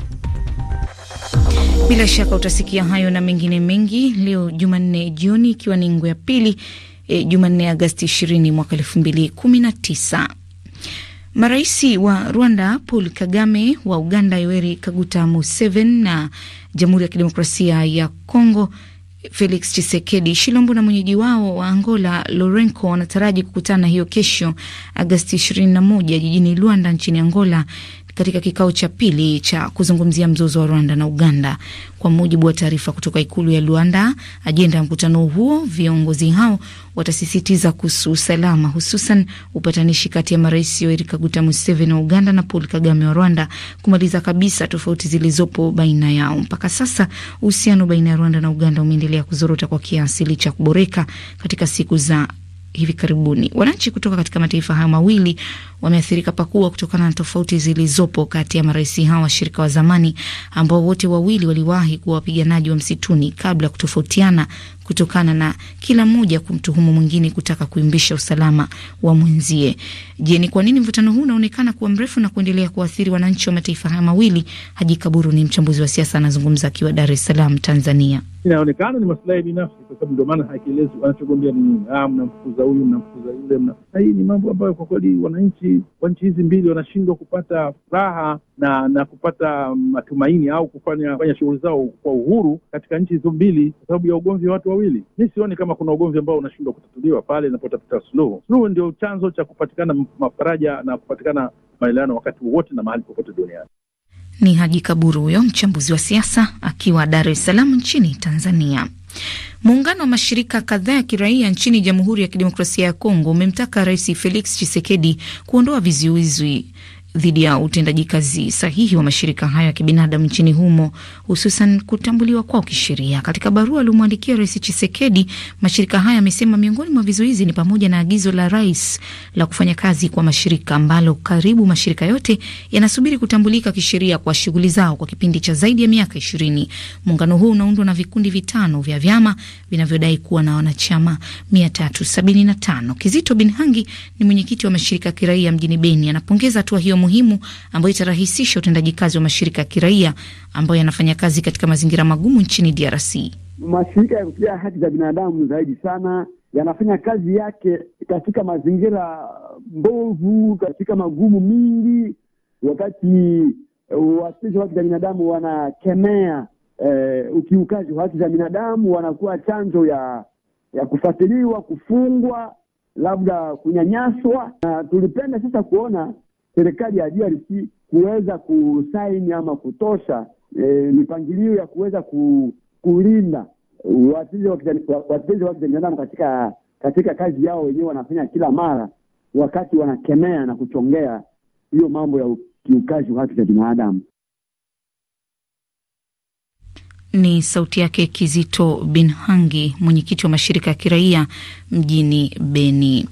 Bila shaka utasikia hayo na mengine mengi leo Jumanne jioni, ikiwa ni ngwe ya pili, e, Jumanne Agasti 20 mwaka 2019. Marais wa Rwanda Paul Kagame, wa Uganda Yoweri Kaguta Museveni na Jamhuri ya Kidemokrasia ya Kongo Felix chisekedi Shilombo na mwenyeji wao wa Angola Lorenco wanataraji kukutana hiyo kesho Agasti 21 jijini Luanda nchini Angola katika kikao cha pili cha kuzungumzia mzozo wa Rwanda na Uganda. Kwa mujibu wa taarifa kutoka ikulu ya Luanda, ajenda ya mkutano huo, viongozi hao watasisitiza kuhusu usalama, hususan upatanishi kati ya marais Yoweri Kaguta Museveni wa Uganda na Paul Kagame wa Rwanda, kumaliza kabisa tofauti zilizopo baina yao. Mpaka sasa uhusiano baina ya Rwanda na Uganda umeendelea kuzorota kwa kiasi licha ya kuboreka katika siku za hivi karibuni. Wananchi kutoka katika mataifa hayo mawili wameathirika pakubwa kutokana na tofauti zilizopo kati ya marais hao washirika wa zamani ambao wote wawili waliwahi kuwa wapiganaji wa msituni kabla ya kutofautiana kutokana na kila mmoja kumtuhumu mwingine kutaka kuimbisha usalama wa mwenzie. Je, ni kwa nini mvutano huu unaonekana kuwa mrefu na kuendelea kuathiri wananchi wa mataifa haya mawili? Haji Kaburu ni mchambuzi wa siasa, anazungumza akiwa Dar es Salaam, Tanzania. Inaonekana ni masilahi binafsi, kwa sababu ndio maana haikielezi wanachogombea ni nini. Ah, mnamfukuza huyu, mnamfukuza yule, mna na hii ni mambo ambayo kwa kweli wananchi wa nchi hizi mbili wanashindwa kupata furaha na na kupata mm, matumaini au kufanya, kufanya shughuli zao kwa uhuru katika nchi hizo mbili kwa sababu ya ugomvi wa watu wawili mawili, mi sioni kama kuna ugomvi ambao unashindwa kutatuliwa pale inapotafuta suluhu. Suluhu ndio chanzo cha kupatikana mafaraja na kupatikana maelewano wakati wowote na mahali popote duniani. Ni Haji Kaburu huyo mchambuzi wa siasa akiwa Dar es Salaam nchini Tanzania. Muungano wa mashirika kadhaa ya kiraia nchini Jamhuri ya Kidemokrasia ya Kongo umemtaka Rais Felix Tshisekedi kuondoa vizuizi dhidi ya utendaji kazi sahihi wa mashirika hayo ya kibinadamu nchini humo, hususan kutambuliwa kwao kisheria. Katika barua aliyomwandikia Rais Chisekedi, mashirika hayo yamesema miongoni mwa vizuizi ni pamoja na agizo la rais la kufanya kazi kwa mashirika ambalo karibu mashirika yote yanasubiri kutambulika kisheria kwa shughuli zao kwa kipindi cha zaidi ya miaka ishirini. Muungano huu unaundwa na vikundi vitano vya vyama vinavyodai kuwa na wanachama mia tatu sabini na tano. Kizito Binhangi ni mwenyekiti wa mashirika ya kiraia mjini Beni, anapongeza hatua hiyo muhimu ambayo itarahisisha utendaji kazi wa mashirika ya kiraia ambayo yanafanya kazi katika mazingira magumu nchini DRC. Mashirika ya kutetea haki za binadamu zaidi sana yanafanya kazi yake katika mazingira mbovu, katika magumu mingi, wakati eh, watetezi wa haki za binadamu wanakemea eh, ukiukaji wa haki za binadamu, wanakuwa chanzo ya ya kufuatiliwa, kufungwa, labda kunyanyaswa. Na tulipenda sasa kuona serikali ya DRC kuweza kusaini ama kutosha eh, mipangilio e, ya kuweza ku, kulinda eh, watetezi wa haki za binadamu katika katika kazi yao wenyewe wanafanya kila mara, wakati wanakemea na kuchongea hiyo mambo ya ukiukaji wa haki za binadamu. Ni sauti yake Kizito Binhangi, mwenyekiti wa mashirika ya kiraia mjini Beni.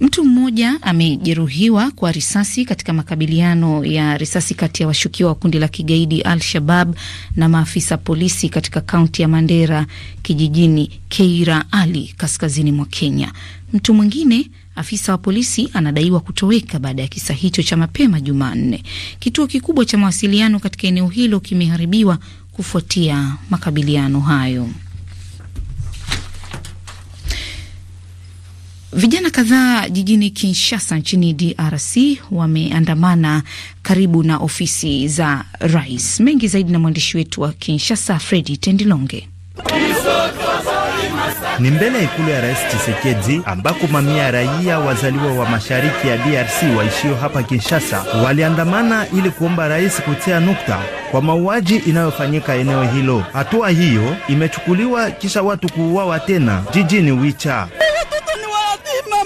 Mtu mmoja amejeruhiwa kwa risasi katika makabiliano ya risasi kati ya washukiwa wa kundi la kigaidi Al Shabab na maafisa polisi katika kaunti ya Mandera kijijini Keira Ali kaskazini mwa Kenya. Mtu mwingine afisa wa polisi anadaiwa kutoweka baada ya kisa hicho cha mapema Jumanne. Kituo kikubwa cha mawasiliano katika eneo hilo kimeharibiwa kufuatia makabiliano hayo. Vijana kadhaa jijini Kinshasa nchini DRC wameandamana karibu na ofisi za rais. Mengi zaidi na mwandishi wetu wa Kinshasa, Fredi Tendilonge. Ni mbele ya ikulu ya Rais chisekedi ambako mamia ya raia wazaliwa wa mashariki ya DRC waishio hapa Kinshasa waliandamana ili kuomba rais kutia nukta kwa mauaji inayofanyika eneo hilo. Hatua hiyo imechukuliwa kisha watu kuuawa tena jijini Wicha.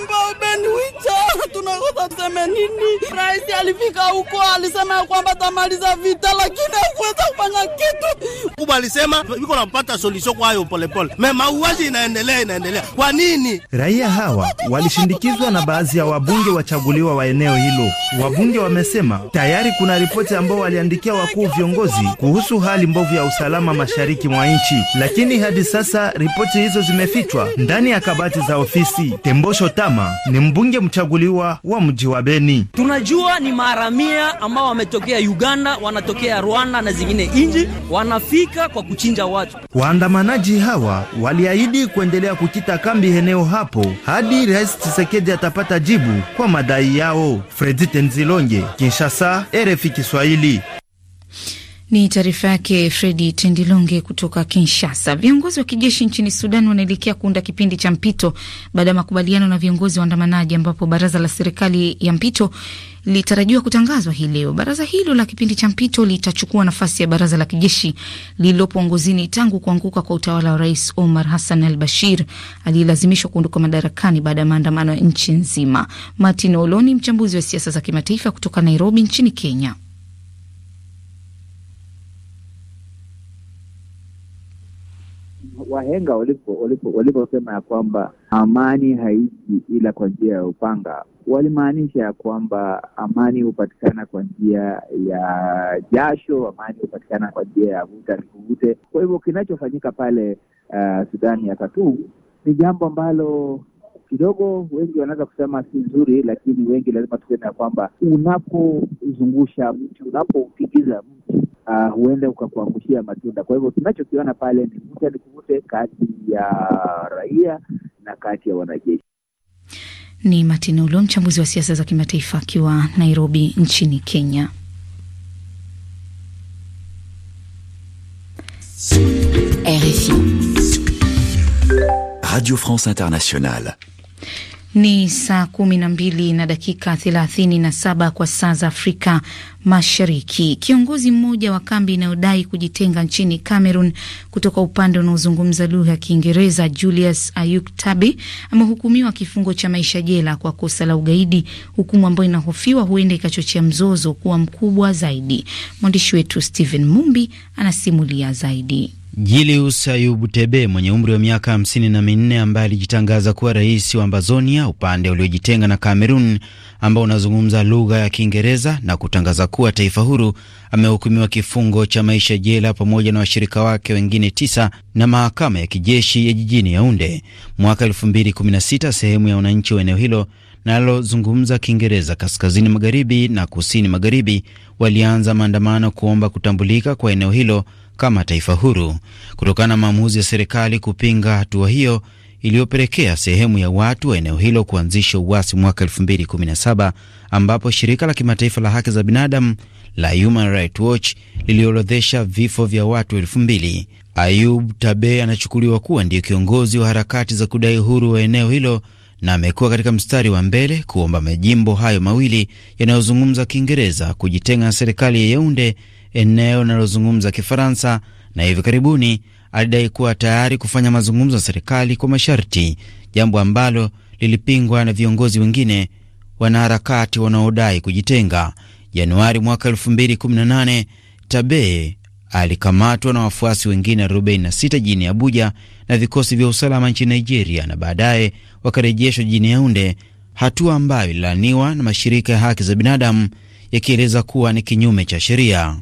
Colombo! Ben Wicha tunakosa tuseme nini? Rais alifika huko alisema ya kwamba tamaliza vita, lakini hakuweza kufanya kitu kubwa. Alisema yuko napata solution kwa hayo polepole, me mauaji inaendelea inaendelea. Kwa nini raia hawa walishindikizwa na baadhi ya wabunge wachaguliwa wa eneo hilo? Wabunge wamesema tayari kuna ripoti ambao waliandikia wakuu viongozi kuhusu hali mbovu ya usalama mashariki mwa nchi, lakini hadi sasa ripoti hizo zimefichwa ndani ya kabati za ofisi Tembosho Tama ni mbunge mchaguliwa wa mji wa Beni. Tunajua ni maharamia ambao wametokea Uganda, wanatokea Rwanda na zingine nji wanafika kwa kuchinja watu. Waandamanaji hawa waliahidi kuendelea kukita kambi eneo hapo hadi Rais Tshisekedi atapata jibu kwa madai yao. Fredi Tenzilonge, Kinshasa, RFI Kiswahili. Ni taarifa yake Fredi Tendilonge kutoka Kinshasa. Viongozi wa kijeshi nchini Sudan wanaelekea kuunda kipindi cha mpito baada ya makubaliano na viongozi waandamanaji, ambapo baraza la serikali ya mpito litarajiwa kutangazwa hii leo. Baraza hilo la kipindi cha mpito litachukua nafasi ya baraza la kijeshi lililopo ongozini tangu kuanguka kwa utawala wa Rais Omar Hassan al Bashir aliyelazimishwa kuondoka madarakani baada ya maandamano ya nchi nzima. Martin Oloni, mchambuzi wa siasa za kimataifa kutoka Nairobi nchini Kenya. wahenga waliposema ya kwamba amani haiji ila kwa njia ya upanga, walimaanisha ya kwamba amani hupatikana kwa njia ya jasho, amani hupatikana kwa njia ya vuta nikuvute. Kwa hivyo kinachofanyika pale uh, Sudani ya katuu ni jambo ambalo kidogo wengi wanaweza kusema si nzuri, lakini wengi lazima tuseme ya kwamba unapozungusha mti, unapoupigiza mti uh, huenda ukakuangushia matunda. Kwa hivyo tunachokiona pale ni vuta ni kuvute kati ya raia na kati ya wanajeshi. Ni Martin Ulo, mchambuzi wa siasa za kimataifa akiwa Nairobi nchini Kenya. RFI Radio France Internationale. Ni saa kumi na mbili na dakika thelathini na saba kwa saa za Afrika Mashariki. Kiongozi mmoja wa kambi inayodai kujitenga nchini Cameroon kutoka upande unaozungumza lugha ya Kiingereza, Julius Ayuk amehukumiwa kifungo cha maisha jela kwa kosa la ugaidi, hukumu ambayo inahofiwa huenda ikachochea mzozo kuwa mkubwa zaidi. Mwandishi wetu Stephen Mumbi anasimulia zaidi. Julius Ayubu Tebe mwenye umri wa miaka hamsini na minne ambaye alijitangaza kuwa rais wa Ambazonia, upande uliojitenga na Kamerun ambao unazungumza lugha ya Kiingereza na kutangaza kuwa taifa huru, amehukumiwa kifungo cha maisha jela pamoja na washirika wake wengine tisa na mahakama ya kijeshi ya jijini Yaunde mwaka 2016 sehemu ya wananchi wa eneo hilo nalozungumza Kiingereza kaskazini magharibi na kusini magharibi walianza maandamano kuomba kutambulika kwa eneo hilo kama taifa huru kutokana na maamuzi ya serikali kupinga hatua hiyo iliyopelekea sehemu ya watu wa eneo hilo kuanzisha uasi mwaka 2017 ambapo shirika la kimataifa la haki za binadamu la Human Rights Watch liliorodhesha vifo vya watu elfu mbili. Ayub Tabe anachukuliwa kuwa ndiyo kiongozi wa harakati za kudai uhuru wa eneo hilo na amekuwa katika mstari wa mbele kuomba majimbo hayo mawili yanayozungumza Kiingereza kujitenga na serikali ya Yaunde eneo linalozungumza Kifaransa, na hivi karibuni alidai kuwa tayari kufanya mazungumzo na serikali kwa masharti, jambo ambalo lilipingwa na viongozi wengine wanaharakati wanaodai kujitenga. Januari mwaka 2018 Tabe alikamatwa na wafuasi wengine 46 jijini Abuja na vikosi vya usalama nchini Nigeria na baadaye wakarejeshwa jijini Yaunde, hatua ambayo ililaaniwa na mashirika ya haki za binadamu yakieleza kuwa ni kinyume cha sheria.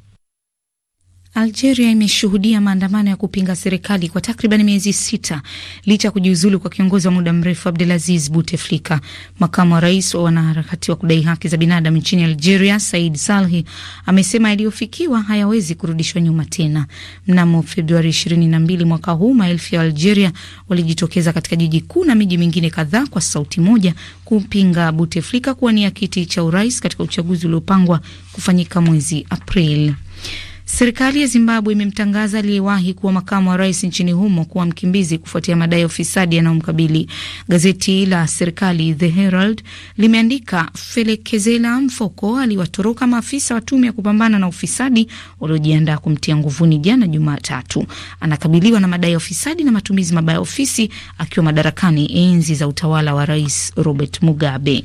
Algeria imeshuhudia maandamano ya kupinga serikali kwa takriban miezi sita licha ya kujiuzulu kwa kiongozi wa muda mrefu Abdelaziz Bouteflika. Makamu wa rais wa wanaharakati wa kudai haki za binadamu nchini Algeria, Said Salhi, amesema yaliyofikiwa hayawezi kurudishwa nyuma tena. Mnamo Februari 22 mwaka huu, maelfu ya Algeria walijitokeza katika jiji kuu na miji mingine kadhaa kwa sauti moja kumpinga Bouteflika kuwania kiti cha urais katika uchaguzi uliopangwa kufanyika mwezi Aprili. Serikali ya Zimbabwe imemtangaza aliyewahi kuwa makamu wa rais nchini humo kuwa mkimbizi kufuatia madai ya ufisadi yanayomkabili. Gazeti la serikali The Herald limeandika Felekezela Mfoko aliwatoroka maafisa wa tume ya kupambana na ufisadi waliojiandaa kumtia nguvuni jana Jumatatu. Anakabiliwa na madai ya ufisadi na matumizi mabaya ya ofisi akiwa madarakani enzi za utawala wa Rais Robert Mugabe.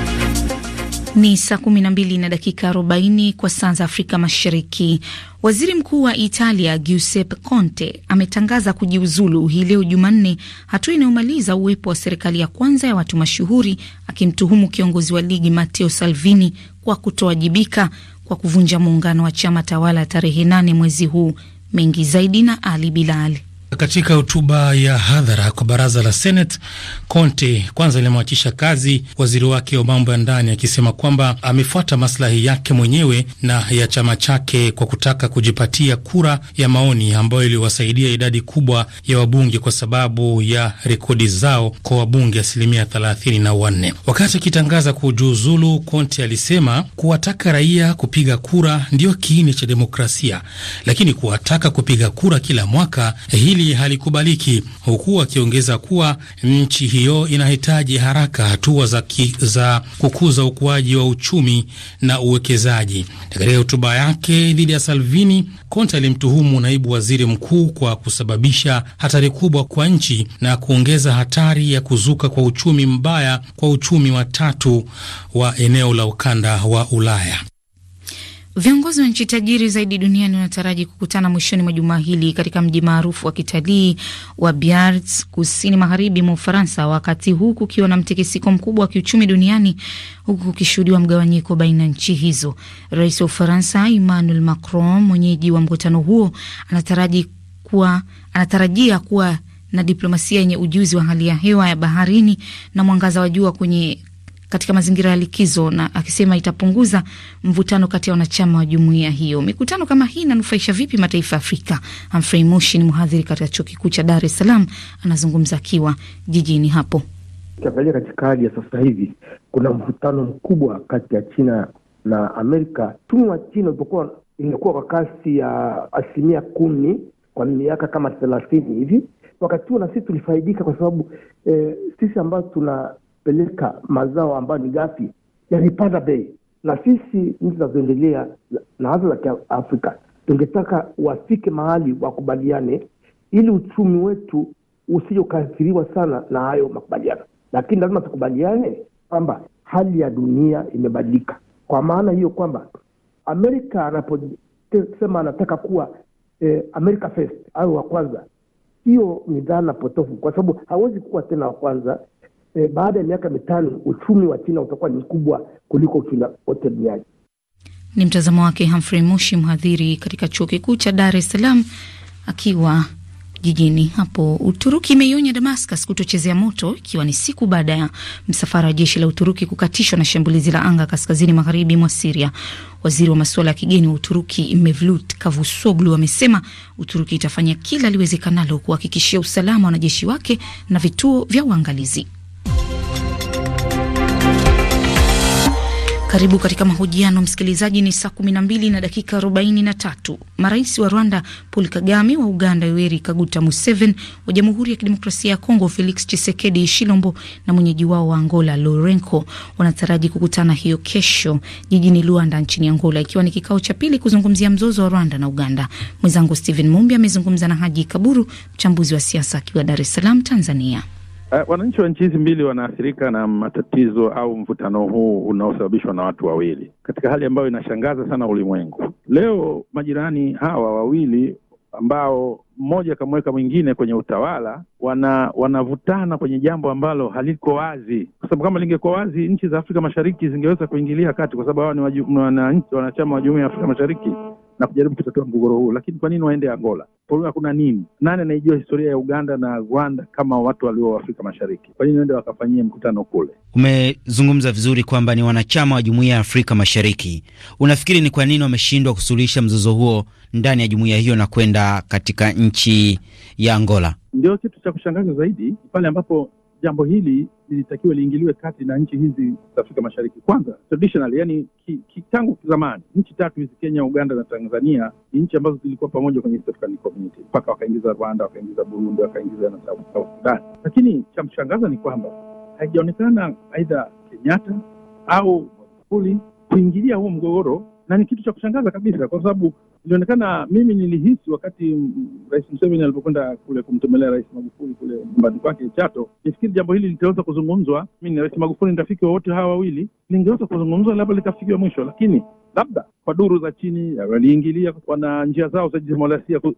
Ni saa 12 na dakika 40 kwa saa za Afrika Mashariki. Waziri Mkuu wa Italia Giuseppe Conte ametangaza kujiuzulu hii leo Jumanne, hatua inayomaliza uwepo wa serikali ya kwanza ya watu mashuhuri, akimtuhumu kiongozi wa ligi Matteo Salvini kwa kutowajibika kwa kuvunja muungano wa chama tawala tarehe 8 mwezi huu. Mengi zaidi na Ali Bilali. Katika hotuba ya hadhara kwa baraza la Senate, Conte kwanza alimwachisha kazi waziri wake wa mambo ya ndani akisema kwamba amefuata maslahi yake mwenyewe na ya chama chake kwa kutaka kujipatia kura ya maoni ambayo iliwasaidia idadi kubwa ya wabunge kwa sababu ya rekodi zao kwa wabunge asilimia thelathini na wanne. Wakati akitangaza kujiuzulu, Conte alisema kuwataka raia kupiga kura ndiyo kiini cha demokrasia, lakini kuwataka kupiga kura kila mwaka hili hili halikubaliki, huku akiongeza kuwa nchi hiyo inahitaji haraka hatua za, za kukuza ukuaji wa uchumi na uwekezaji. Katika hotuba yake dhidi ya Salvini, Conte alimtuhumu naibu waziri mkuu kwa kusababisha hatari kubwa kwa nchi na kuongeza hatari ya kuzuka kwa uchumi mbaya kwa uchumi wa tatu wa eneo la ukanda wa Ulaya. Viongozi wa nchi tajiri zaidi duniani wanataraji kukutana mwishoni mwa juma hili katika mji maarufu wa kitalii wa Biarritz kusini magharibi mwa Ufaransa, wakati huu kukiwa na mtikisiko mkubwa wa kiuchumi duniani, huku kukishuhudiwa mgawanyiko baina ya nchi hizo. Rais wa Ufaransa Emmanuel Macron, mwenyeji wa mkutano huo, anataraji kuwa, anatarajia kuwa na diplomasia yenye ujuzi wa hali ya hewa ya baharini na mwangaza wa jua kwenye katika mazingira ya likizo, na akisema itapunguza mvutano kati ya wanachama wa jumuiya hiyo. Mikutano kama hii inanufaisha vipi mataifa ya Afrika? Humphrey Moshi ni mhadhiri katika chuo kikuu cha Dar es Salaam, anazungumza akiwa jijini hapo. Ukiangalia katika hali ya sasa hivi, kuna mvutano mkubwa kati ya China na Amerika. Uchumi wa China ulipokuwa imekuwa kwa kasi ya asilimia kumi kwa miaka kama thelathini hivi wakati huo na sisi tulifaidika kwa sababu e, sisi ambao tuna kupeleka mazao ambayo ni gafi yalipanda bei, na sisi nchi zinazoendelea na hasa za Kiafrika tungetaka wafike mahali wakubaliane, ili uchumi wetu usije ukaathiriwa sana na hayo makubaliano. Lakini lazima tukubaliane kwamba hali ya dunia imebadilika, kwa maana hiyo kwamba Amerika anaposema anataka kuwa eh, America first au wa kwanza, hiyo ni dhana potofu, kwa sababu hawezi kuwa tena wa kwanza e, baada ya miaka mitano uchumi wa China utakuwa ni mkubwa kuliko uchumi wote duniani. Ni mtazamo wake Humphrey Moshi, mhadhiri katika chuo kikuu cha Dar es Salaam, akiwa jijini hapo. Uturuki imeionya Damascus kutochezea moto, ikiwa ni siku baada ya msafara wa jeshi la Uturuki kukatishwa na shambulizi la anga kaskazini magharibi mwa Siria. Waziri wa masuala ya kigeni wa Uturuki Mevlut Kavusoglu amesema Uturuki itafanya kila liwezekanalo kuhakikishia usalama wanajeshi wake na vituo vya uangalizi. Karibu katika mahojiano msikilizaji. Ni saa kumi na dakika 43. Marais wa Rwanda Paul Kagame, wa Uganda Yoweri Kaguta Museveni, wa Jamhuri ya Kidemokrasia ya Kongo Felix chisekedi Shilombo na mwenyeji wao wa Angola Lourenco wanataraji kukutana hiyo kesho jijini Luanda nchini Angola, ikiwa ni kikao cha pili kuzungumzia mzozo wa Rwanda na Uganda. Mwenzangu Stephen Mumbi amezungumza na Haji Kaburu, mchambuzi wa siasa, akiwa Dar es Salaam, Tanzania. Uh, wananchi wa nchi hizi mbili wanaathirika na matatizo au mvutano huu unaosababishwa na watu wawili katika hali ambayo inashangaza sana ulimwengu leo. Majirani hawa wawili ambao mmoja akamweka mwingine kwenye utawala, wana wanavutana kwenye jambo ambalo haliko wazi, kwa sababu kama lingekuwa wazi nchi za Afrika Mashariki zingeweza kuingilia kati, kwa sababu hawa ni wanachama wa Jumuiya ya Afrika Mashariki na kujaribu kutatua mgogoro huu. Lakini kwa nini waende Angola? hakuna nini? Nani anaijua historia ya Uganda na Rwanda kama watu walio Afrika Mashariki? Kwa nini waende wakafanyia mkutano kule? Umezungumza vizuri kwamba ni wanachama wa Jumuiya ya Afrika Mashariki. Unafikiri ni kwa nini wameshindwa kusuluhisha mzozo huo ndani ya jumuiya hiyo na kwenda katika nchi ya Angola? Ndio kitu cha kushangaza zaidi pale ambapo jambo hili lilitakiwa liingiliwe kati na nchi hizi za Afrika Mashariki kwanza traditionally, yani ki, ki, tangu zamani nchi tatu hizi Kenya, Uganda na Tanzania ni nchi ambazo zilikuwa pamoja kwenye East African Community mpaka wakaingiza Rwanda, wakaingiza Burundi, wakaingiza na South Sudan. Lakini cha mshangaza ni kwamba haijaonekana aidha Kenyatta au Magufuli kuingilia huo mgogoro, na ni kitu cha kushangaza kabisa, kwa sababu ilionekana mimi nilihisi wakati Rais Museveni alipokwenda kule kumtembelea Rais Magufuli kule nyumbani kwake Chato, nifikiri jambo hili litaweza kuzungumzwa. Mimi na Rais Magufuli ni rafiki wa wote hawa wawili, lingeweza kuzungumzwa labda likafikiwa mwisho, lakini labda kwa duru za chini waliingilia, wana njia zao za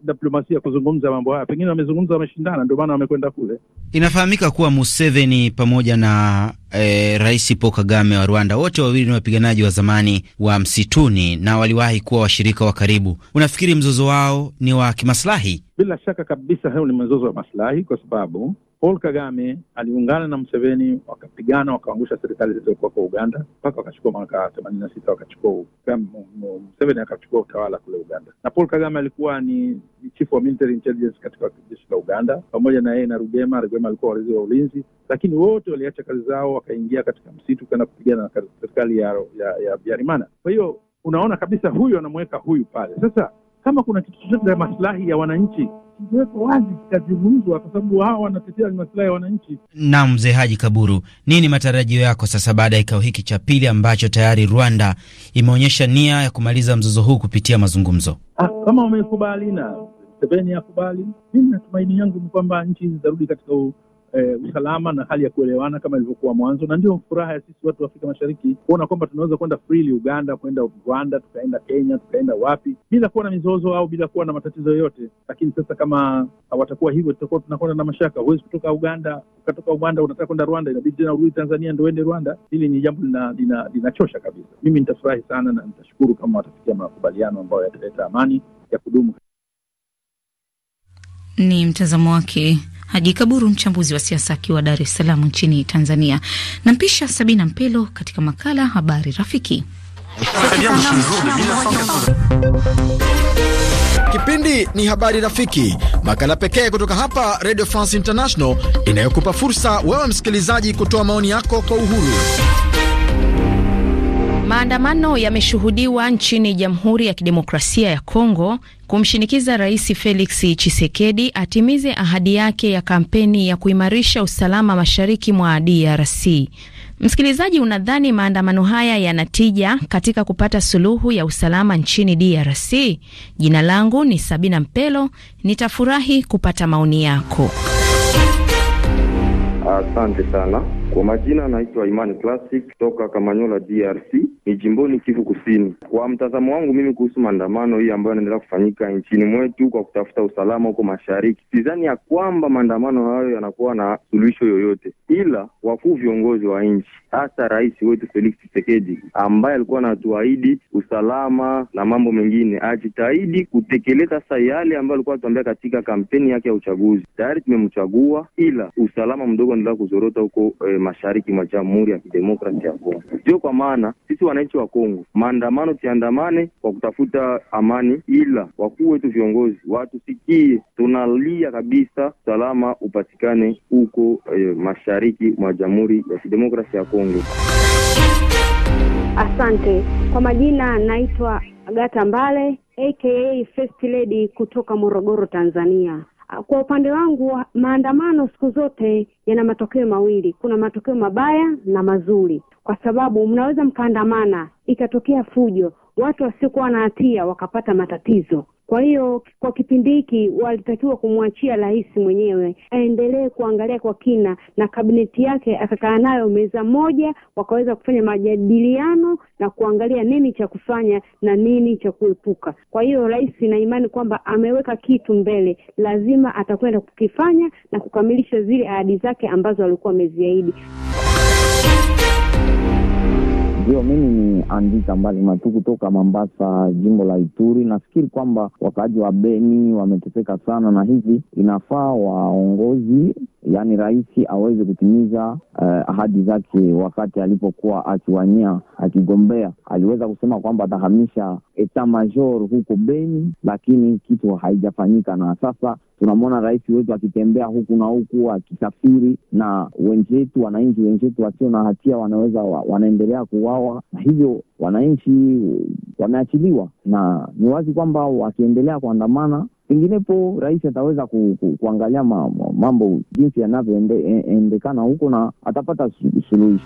diplomasia kuzungumza mambo haya, pengine wamezungumza, wameshindana, ndio maana wamekwenda kule. Inafahamika kuwa Museveni pamoja na eh, Rais Paul Kagame wa Rwanda, wote wawili ni wapiganaji wa zamani wa msituni na waliwahi kuwa washirika wa karibu. Unafikiri mzozo wao ni wa kimaslahi? Bila shaka kabisa, huu ni mzozo wa maslahi kwa sababu Paul Kagame aliungana na mseveni wakapigana wakaangusha serikali zilizokuwa kwa Uganda mpaka wakachukua mwaka themanini na sita wakachukua mseveni akachukua utawala kule Uganda, na Paul Kagame alikuwa ni chief wa military intelligence katika jeshi la Uganda, pamoja na yeye na Rugema. Rugema alikuwa waziri wa ulinzi, lakini wote waliacha kazi zao wakaingia katika msitu kwenda kupigana na serikali ya Biarimana. Kwa hiyo unaona kabisa huyu anamweka huyu pale. Sasa kama kuna kitu chochote cha maslahi ya wananchi kikiwekwa wazi kitazungumzwa, kwa sababu hao wanatetea maslahi ya wananchi. Na mzee Haji Kaburu, nini matarajio yako sasa baada ya kikao hiki cha pili ambacho tayari Rwanda imeonyesha nia ya kumaliza mzozo huu kupitia mazungumzo? Ah, kama wamekubali na Museveni akubali, mimi natumaini yangu ni kwamba nchi zitarudi katika eh, usalama na hali ya kuelewana kama ilivyokuwa mwanzo, na ndio furaha ya sisi watu wa Afrika Mashariki kuona kwamba tunaweza kwenda freely Uganda, kwenda Rwanda, tukaenda Kenya, tukaenda wapi bila kuwa na mizozo au bila kuwa na matatizo yoyote. Lakini sasa kama hawatakuwa hivyo, tutakuwa tunakwenda na mashaka. Huwezi kutoka Uganda, ukatoka Uganda unataka kwenda Rwanda, inabidi tena urudi Tanzania ndo uende Rwanda. Hili ni jambo linachosha lina, lina kabisa. Mimi nitafurahi sana na nitashukuru kama watafikia makubaliano ambayo yataleta amani ya kudumu. Ni mtazamo wake Haji Kaburu, mchambuzi wa siasa akiwa Dar es Salaam nchini Tanzania. Nampisha Sabina Mpelo katika makala Habari Rafiki. Kipindi ni Habari Rafiki, makala pekee kutoka hapa Radio France International inayokupa fursa wewe msikilizaji kutoa maoni yako kwa uhuru. Maandamano yameshuhudiwa nchini Jamhuri ya Kidemokrasia ya Kongo kumshinikiza Rais Felix Tshisekedi atimize ahadi yake ya kampeni ya kuimarisha usalama mashariki mwa DRC. Msikilizaji, unadhani maandamano haya yanatija katika kupata suluhu ya usalama nchini DRC? Jina langu ni Sabina Mpelo, nitafurahi kupata maoni yako. Asante sana kwa majina, naitwa Imani Classic toka Kamanyola, DRC, ni jimboni Kivu Kusini. Kwa mtazamo wangu mimi kuhusu maandamano hii ambayo yanaendelea kufanyika nchini mwetu kwa kutafuta usalama huko mashariki, sidhani ya kwamba maandamano hayo yanakuwa na suluhisho yoyote, ila wakuu viongozi wa nchi, hasa rais wetu Felix Tshisekedi ambaye alikuwa anatuahidi usalama na mambo mengine, ajitahidi kutekeleza sasa yale ambayo alikuwa anatuambia katika kampeni yake ya uchaguzi. Tayari tumemchagua, ila usalama mdogo kuendelea kuzorota huko e, mashariki mwa Jamhuri ya Kidemokrasia ya Kongo. Ndio kwa maana sisi wananchi wa Kongo, maandamano tiandamane kwa kutafuta amani, ila wakuu wetu viongozi watusikie, tunalia kabisa, salama upatikane huko e, mashariki mwa Jamhuri ya Kidemokrasia ya Kongo. Asante. Kwa majina naitwa Agata Mbale aka First Lady kutoka Morogoro, Tanzania. Ah, kwa upande wangu, maandamano siku zote yana matokeo mawili, kuna matokeo mabaya na mazuri, kwa sababu mnaweza mkaandamana ikatokea fujo, watu wasiokuwa na hatia wakapata matatizo. Kwa hiyo kwa kipindi hiki walitakiwa kumwachia rais mwenyewe aendelee kuangalia kwa kina, na kabineti yake akakaa nayo meza moja, wakaweza kufanya majadiliano na kuangalia nini cha kufanya na nini cha kuepuka. Kwa hiyo rais, na imani kwamba ameweka kitu mbele, lazima atakwenda kukifanya na kukamilisha zile ahadi zake ambazo alikuwa ameziahidi. Ndio, mimi ni Andika Mbali Matu toka Mambasa, jimbo la Ituri. Nafikiri kwamba wakaaji wa Beni wameteseka sana, na hivi inafaa waongozi, yaani rais aweze kutimiza uh, ahadi zake. Wakati alipokuwa akiwania akigombea, aliweza kusema kwamba atahamisha eta major huko Beni, lakini kitu haijafanyika, na sasa tunamwona rais wetu akitembea huku na huku akisafiri, na wenzetu wananchi wenzetu wasio na hatia wanaweza wa, wanaendelea kuwa hawa, na hivyo wananchi wameachiliwa, na ni wazi kwamba wakiendelea kuandamana penginepo rais ataweza ku, ku, kuangalia ma, ma, mambo jinsi yanavyoendekana e, ende, huko na atapata suluhisho.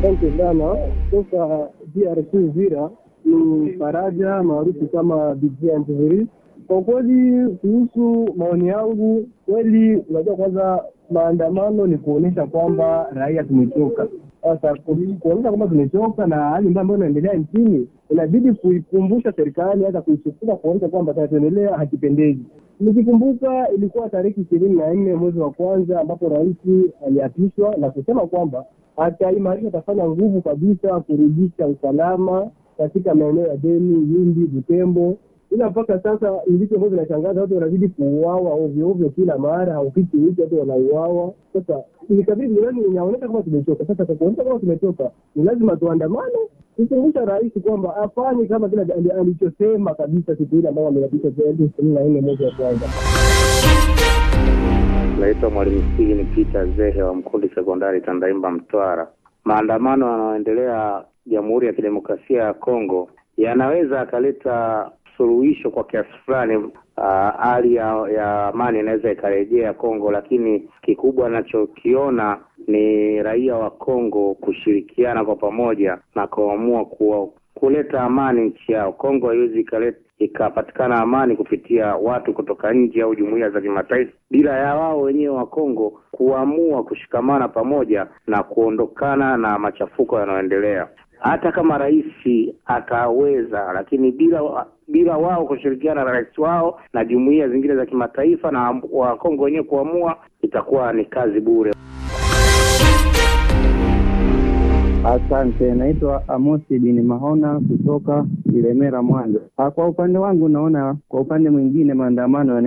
Asante sana. Toka DRC Vira ni Faraja maarufu kama Kwa kweli, kuhusu maoni yangu, kweli unajua kwanza maandamano ni kuonyesha kwamba raia tumechoka. Sasa kuonyesha kwamba tumechoka na hali mbaya ambayo inaendelea nchini, inabidi kuikumbusha serikali, hata kuisukuma kuonyesha kwamba tatuendelea hakipendezi. Nikikumbuka ilikuwa tariki ishirini na nne mwezi wa kwanza ambapo rais aliapishwa na kusema kwamba ataimarisha, atafanya nguvu kabisa kurudisha usalama katika maeneo ya Beni, Yumbi, Butembo ila mpaka sasa ilivyo ambavyo vinashangaza, watu wanazidi kuuawa ovyo ovyo, kila mara haupiti wiki watu wanauawa. Sasa nikabidi duniani inaoneka kama tumechoka. Sasa kwa kuoneka kama tumechoka, ni lazima tuandamane kukumbusha rais kwamba afanye kama kile alichosema kabisa siku ile ambayo ameapisha elfu ishirini na nne mwezi wa kwanza. Naitwa Mwalimu Stini Pita Zehe wa Mkundi Sekondari Tandaimba, Mtwara. Maandamano yanayoendelea Jamhuri ya Kidemokrasia ya Kongo yanaweza akaleta suluhisho kwa kiasi fulani, uh, hali ya ya amani inaweza ikarejea Kongo, lakini kikubwa anachokiona ni raia wa Kongo kushirikiana kwa pamoja na kuamua kuwa kuleta amani nchi yao. Kongo haiwezi ikapatikana amani kupitia watu kutoka nje au jumuiya za kimataifa bila ya wao wenyewe wa Kongo kuamua kushikamana pamoja na kuondokana na machafuko yanayoendelea. Hata kama rais ataweza, lakini bila bila wao kushirikiana na rais wao na jumuiya zingine za kimataifa na Wakongo wenyewe kuamua, itakuwa ni kazi bure. Asante, naitwa Amosi bini Mahona kutoka Ilemera, Mwanza. Ah, kwa upande wangu, naona kwa upande mwingine maandamano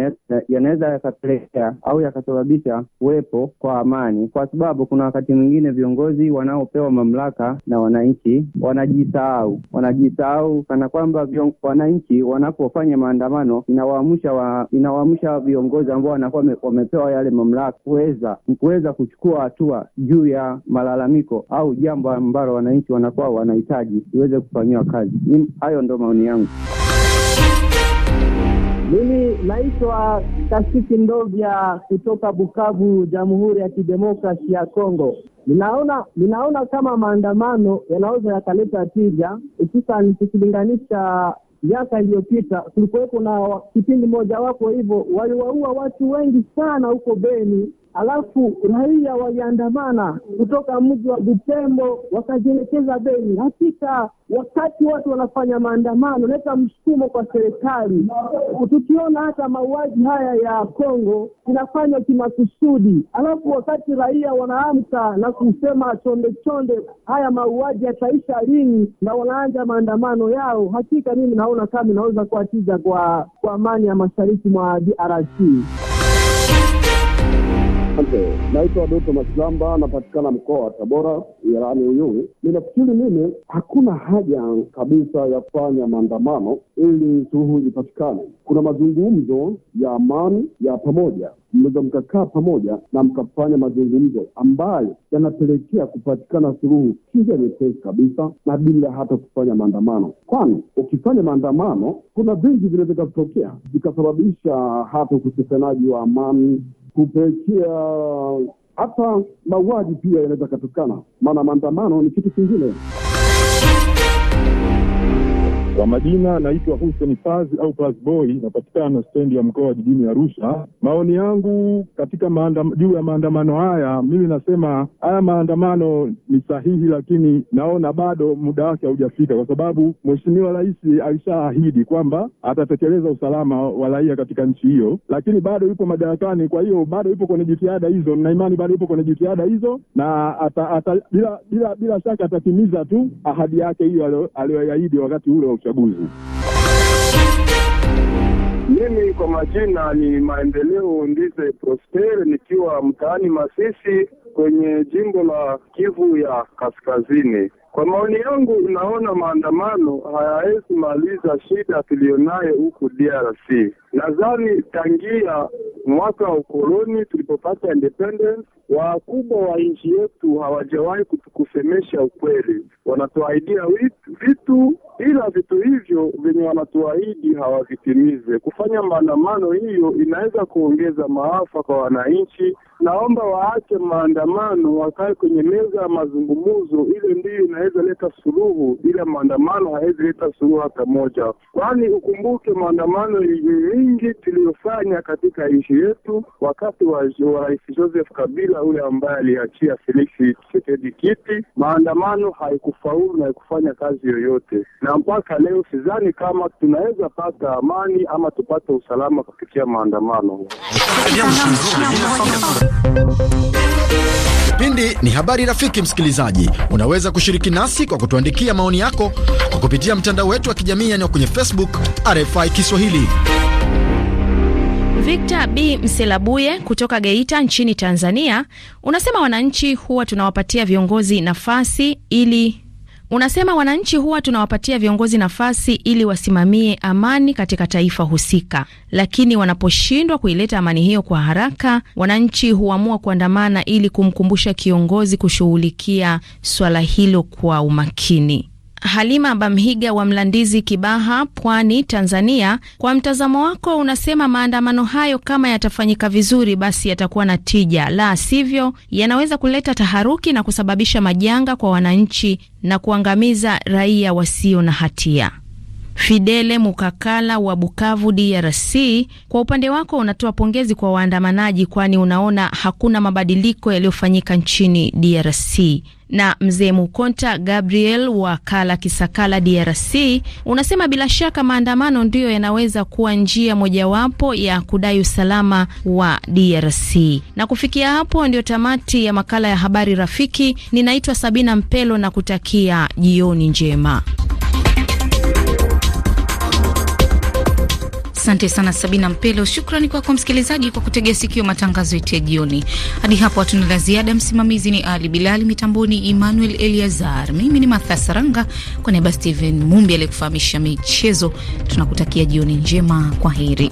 yanaweza yakapelekea au yakasababisha kuwepo kwa amani, kwa sababu kuna wakati mwingine viongozi wanaopewa mamlaka na wananchi wanajisahau, wanajisahau kana kwamba wananchi wanapofanya maandamano inawaamsha wa, inawaamsha viongozi ambao wanakuwa wamepewa yale mamlaka kuweza kuweza kuchukua hatua juu ya malalamiko au jambo ambalo wananchi wanakuwa wanahitaji iweze kufanyiwa kazi. Hayo ndo maoni yangu. Mimi naitwa Kasiki Ndovya kutoka Bukavu, Jamhuri ya Kidemokrasi ya Kongo. Ninaona ninaona kama maandamano yanaweza yakaleta tija, hususan tukilinganisha miaka iliyopita kulikuweko na kipindi mojawapo hivyo waliwaua watu wengi sana huko Beni alafu raia waliandamana kutoka mji wa Butembo wakajielekeza Beni. Hakika wakati watu wanafanya maandamano, leta msukumo kwa serikali. Tukiona hata mauaji haya ya Kongo inafanywa kimakusudi, alafu wakati raia wanaamka na kusema chonde chonde, haya mauaji yataisha lini, na wanaanza maandamano yao, hakika mimi naona kama inaweza kuatiza kwa kwa amani ya mashariki mwa DRC. Asante, naitwa Doto Masilamba, napatikana mkoa wa Tabora irani huyu. Ninafikiri mimi hakuna haja kabisa ya kufanya maandamano ili suluhu ipatikane. Kuna mazungumzo ya amani ya pamoja mnaweza mkakaa pamoja na mkafanya mazungumzo ambayo yanapelekea kupatikana suluhu kija nyepesi kabisa na bila hata kufanya maandamano, kwani ukifanya maandamano kuna vingi vinaweza vikatokea vikasababisha hata ukosesanaji wa amani kupelekea hata mauaji pia yanaweza katokana, maana maandamano ni kitu kingine. Kwa majina naitwa Hussein Paz au Paz Boy, napatikana stendi ya mkoa wa jijini Arusha. Maoni yangu katika juu ya maandamano haya, mimi nasema haya maandamano ni sahihi, lakini naona bado muda wake haujafika, kwa sababu Mheshimiwa Rais alishaahidi kwamba atatekeleza usalama wa raia katika nchi hiyo, lakini bado yupo madarakani. Kwa hiyo bado yupo kwenye jitihada hizo, na imani bado yupo kwenye jitihada hizo, na ata, ata, bila, bila, bila shaka atatimiza tu ahadi yake hiyo aliyoahidi wakati ule wa uchaguzi. Mimi kwa majina ni Maendeleo Ndize Prosper, nikiwa mtaani Masisi kwenye jimbo la Kivu ya Kaskazini. Kwa maoni yangu, naona maandamano hayawezi maliza shida tuliyonayo huku DRC. Nadhani tangia mwaka wa ukoloni tulipopata independence Wakubwa wa nchi yetu hawajawahi kutukusemesha ukweli, wanatuahidia vitu, ila vitu hivyo vyenye wanatuahidi hawavitimize. Kufanya maandamano hiyo inaweza kuongeza maafa kwa wananchi. Naomba waache maandamano, wakae kwenye meza ya mazungumzo, ile ndiyo inaweza leta suluhu, ila maandamano hawezi leta suluhu hata moja, kwani ukumbuke maandamano mingi tuliyofanya katika nchi yetu wakati wa Rais Joseph Kabila ule ambaye aliachia Felix Tshisekedi kiti, maandamano haikufaulu na haikufanya kazi yoyote, na mpaka leo sidhani kama tunaweza pata amani ama tupate usalama kupitia maandamano. Kipindi ni habari rafiki. Msikilizaji, unaweza kushiriki nasi kwa kutuandikia maoni yako kwa kupitia mtandao wetu wa kijamii, yaani kwenye Facebook RFI Kiswahili. Victor B Mselabuye kutoka Geita nchini Tanzania unasema wananchi huwa tunawapatia viongozi nafasi ili unasema wananchi huwa tunawapatia viongozi nafasi ili wasimamie amani katika taifa husika, lakini wanaposhindwa kuileta amani hiyo kwa haraka, wananchi huamua kuandamana ili kumkumbusha kiongozi kushughulikia swala hilo kwa umakini. Halima Bamhiga wa Mlandizi, Kibaha, Pwani, Tanzania, kwa mtazamo wako unasema maandamano hayo kama yatafanyika vizuri, basi yatakuwa na tija, la sivyo yanaweza kuleta taharuki na kusababisha majanga kwa wananchi na kuangamiza raia wasio na hatia. Fidele Mukakala wa Bukavu, DRC, kwa upande wako unatoa pongezi kwa waandamanaji, kwani unaona hakuna mabadiliko yaliyofanyika nchini DRC na mzee Mukonta Gabriel wa Kala Kisakala, DRC, unasema bila shaka maandamano ndiyo yanaweza kuwa njia mojawapo ya kudai usalama wa DRC. Na kufikia hapo ndio tamati ya makala ya habari rafiki. Ninaitwa Sabina Mpelo na kutakia jioni njema. Asante sana Sabina Mpelo. Shukrani kwako msikilizaji kwa kutegea sikio matangazo yetu ya jioni. Hadi hapo hatuna la ziada. Msimamizi ni Ali Bilali, mitamboni Emmanuel Eliazar, mimi ni Martha Saranga kwa niaba Steven Mumbi aliyekufahamisha michezo. Tunakutakia jioni njema, kwa heri.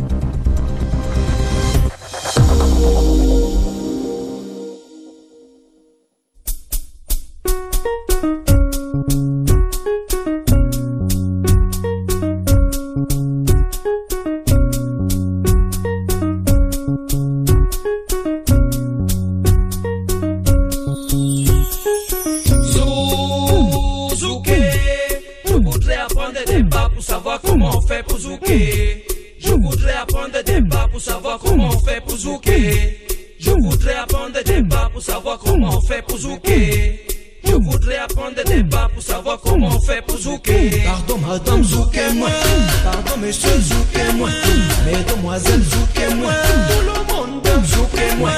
Zouke moi tout le monde que moi,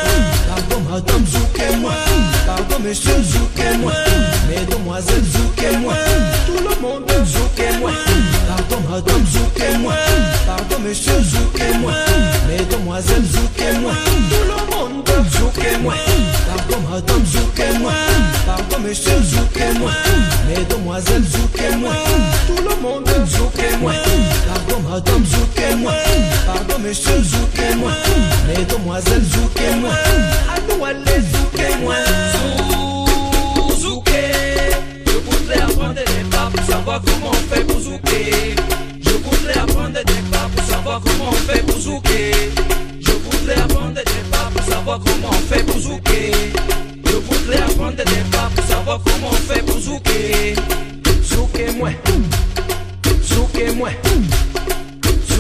la que moi. Mesdemoiselles monsieur et moi Mesdemoiselles moi Tout le monde Zouké moi Pardon madame Zouké moi Pardon monsieur Zouké moi Mesdemoiselles Zouké moi Tout le monde Zouké moi Pardon madame Zouké moi Pardon monsieur Zouké moi Mesdemoiselles Zouké moi Tout le monde Zouké moi Pardon moi Pardon monsieur Zouké moi moi Tsuke je voudrais prendre des pas pour savoir comment faire zuke je voudrais prendre des pas pour savoir comment faire zuke je voudrais prendre des pas pour savoir comment faire zuke je voudrais prendre des pas pour savoir comment faire zuke tsuke moe zuke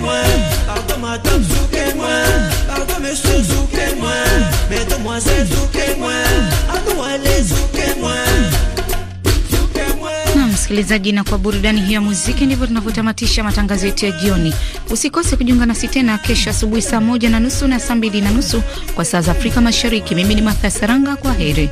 mwen, pardon madame pardon monsieur mesdemoiselles Msikilizaji, na kwa burudani hiyo ya muziki ndivyo tunavyotamatisha matangazo yetu ya jioni. Usikose kujiunga nasi tena kesho asubuhi saa moja na nusu na saa mbili na nusu kwa saa za Afrika Mashariki. Mimi ni Matha Saranga, kwa heri.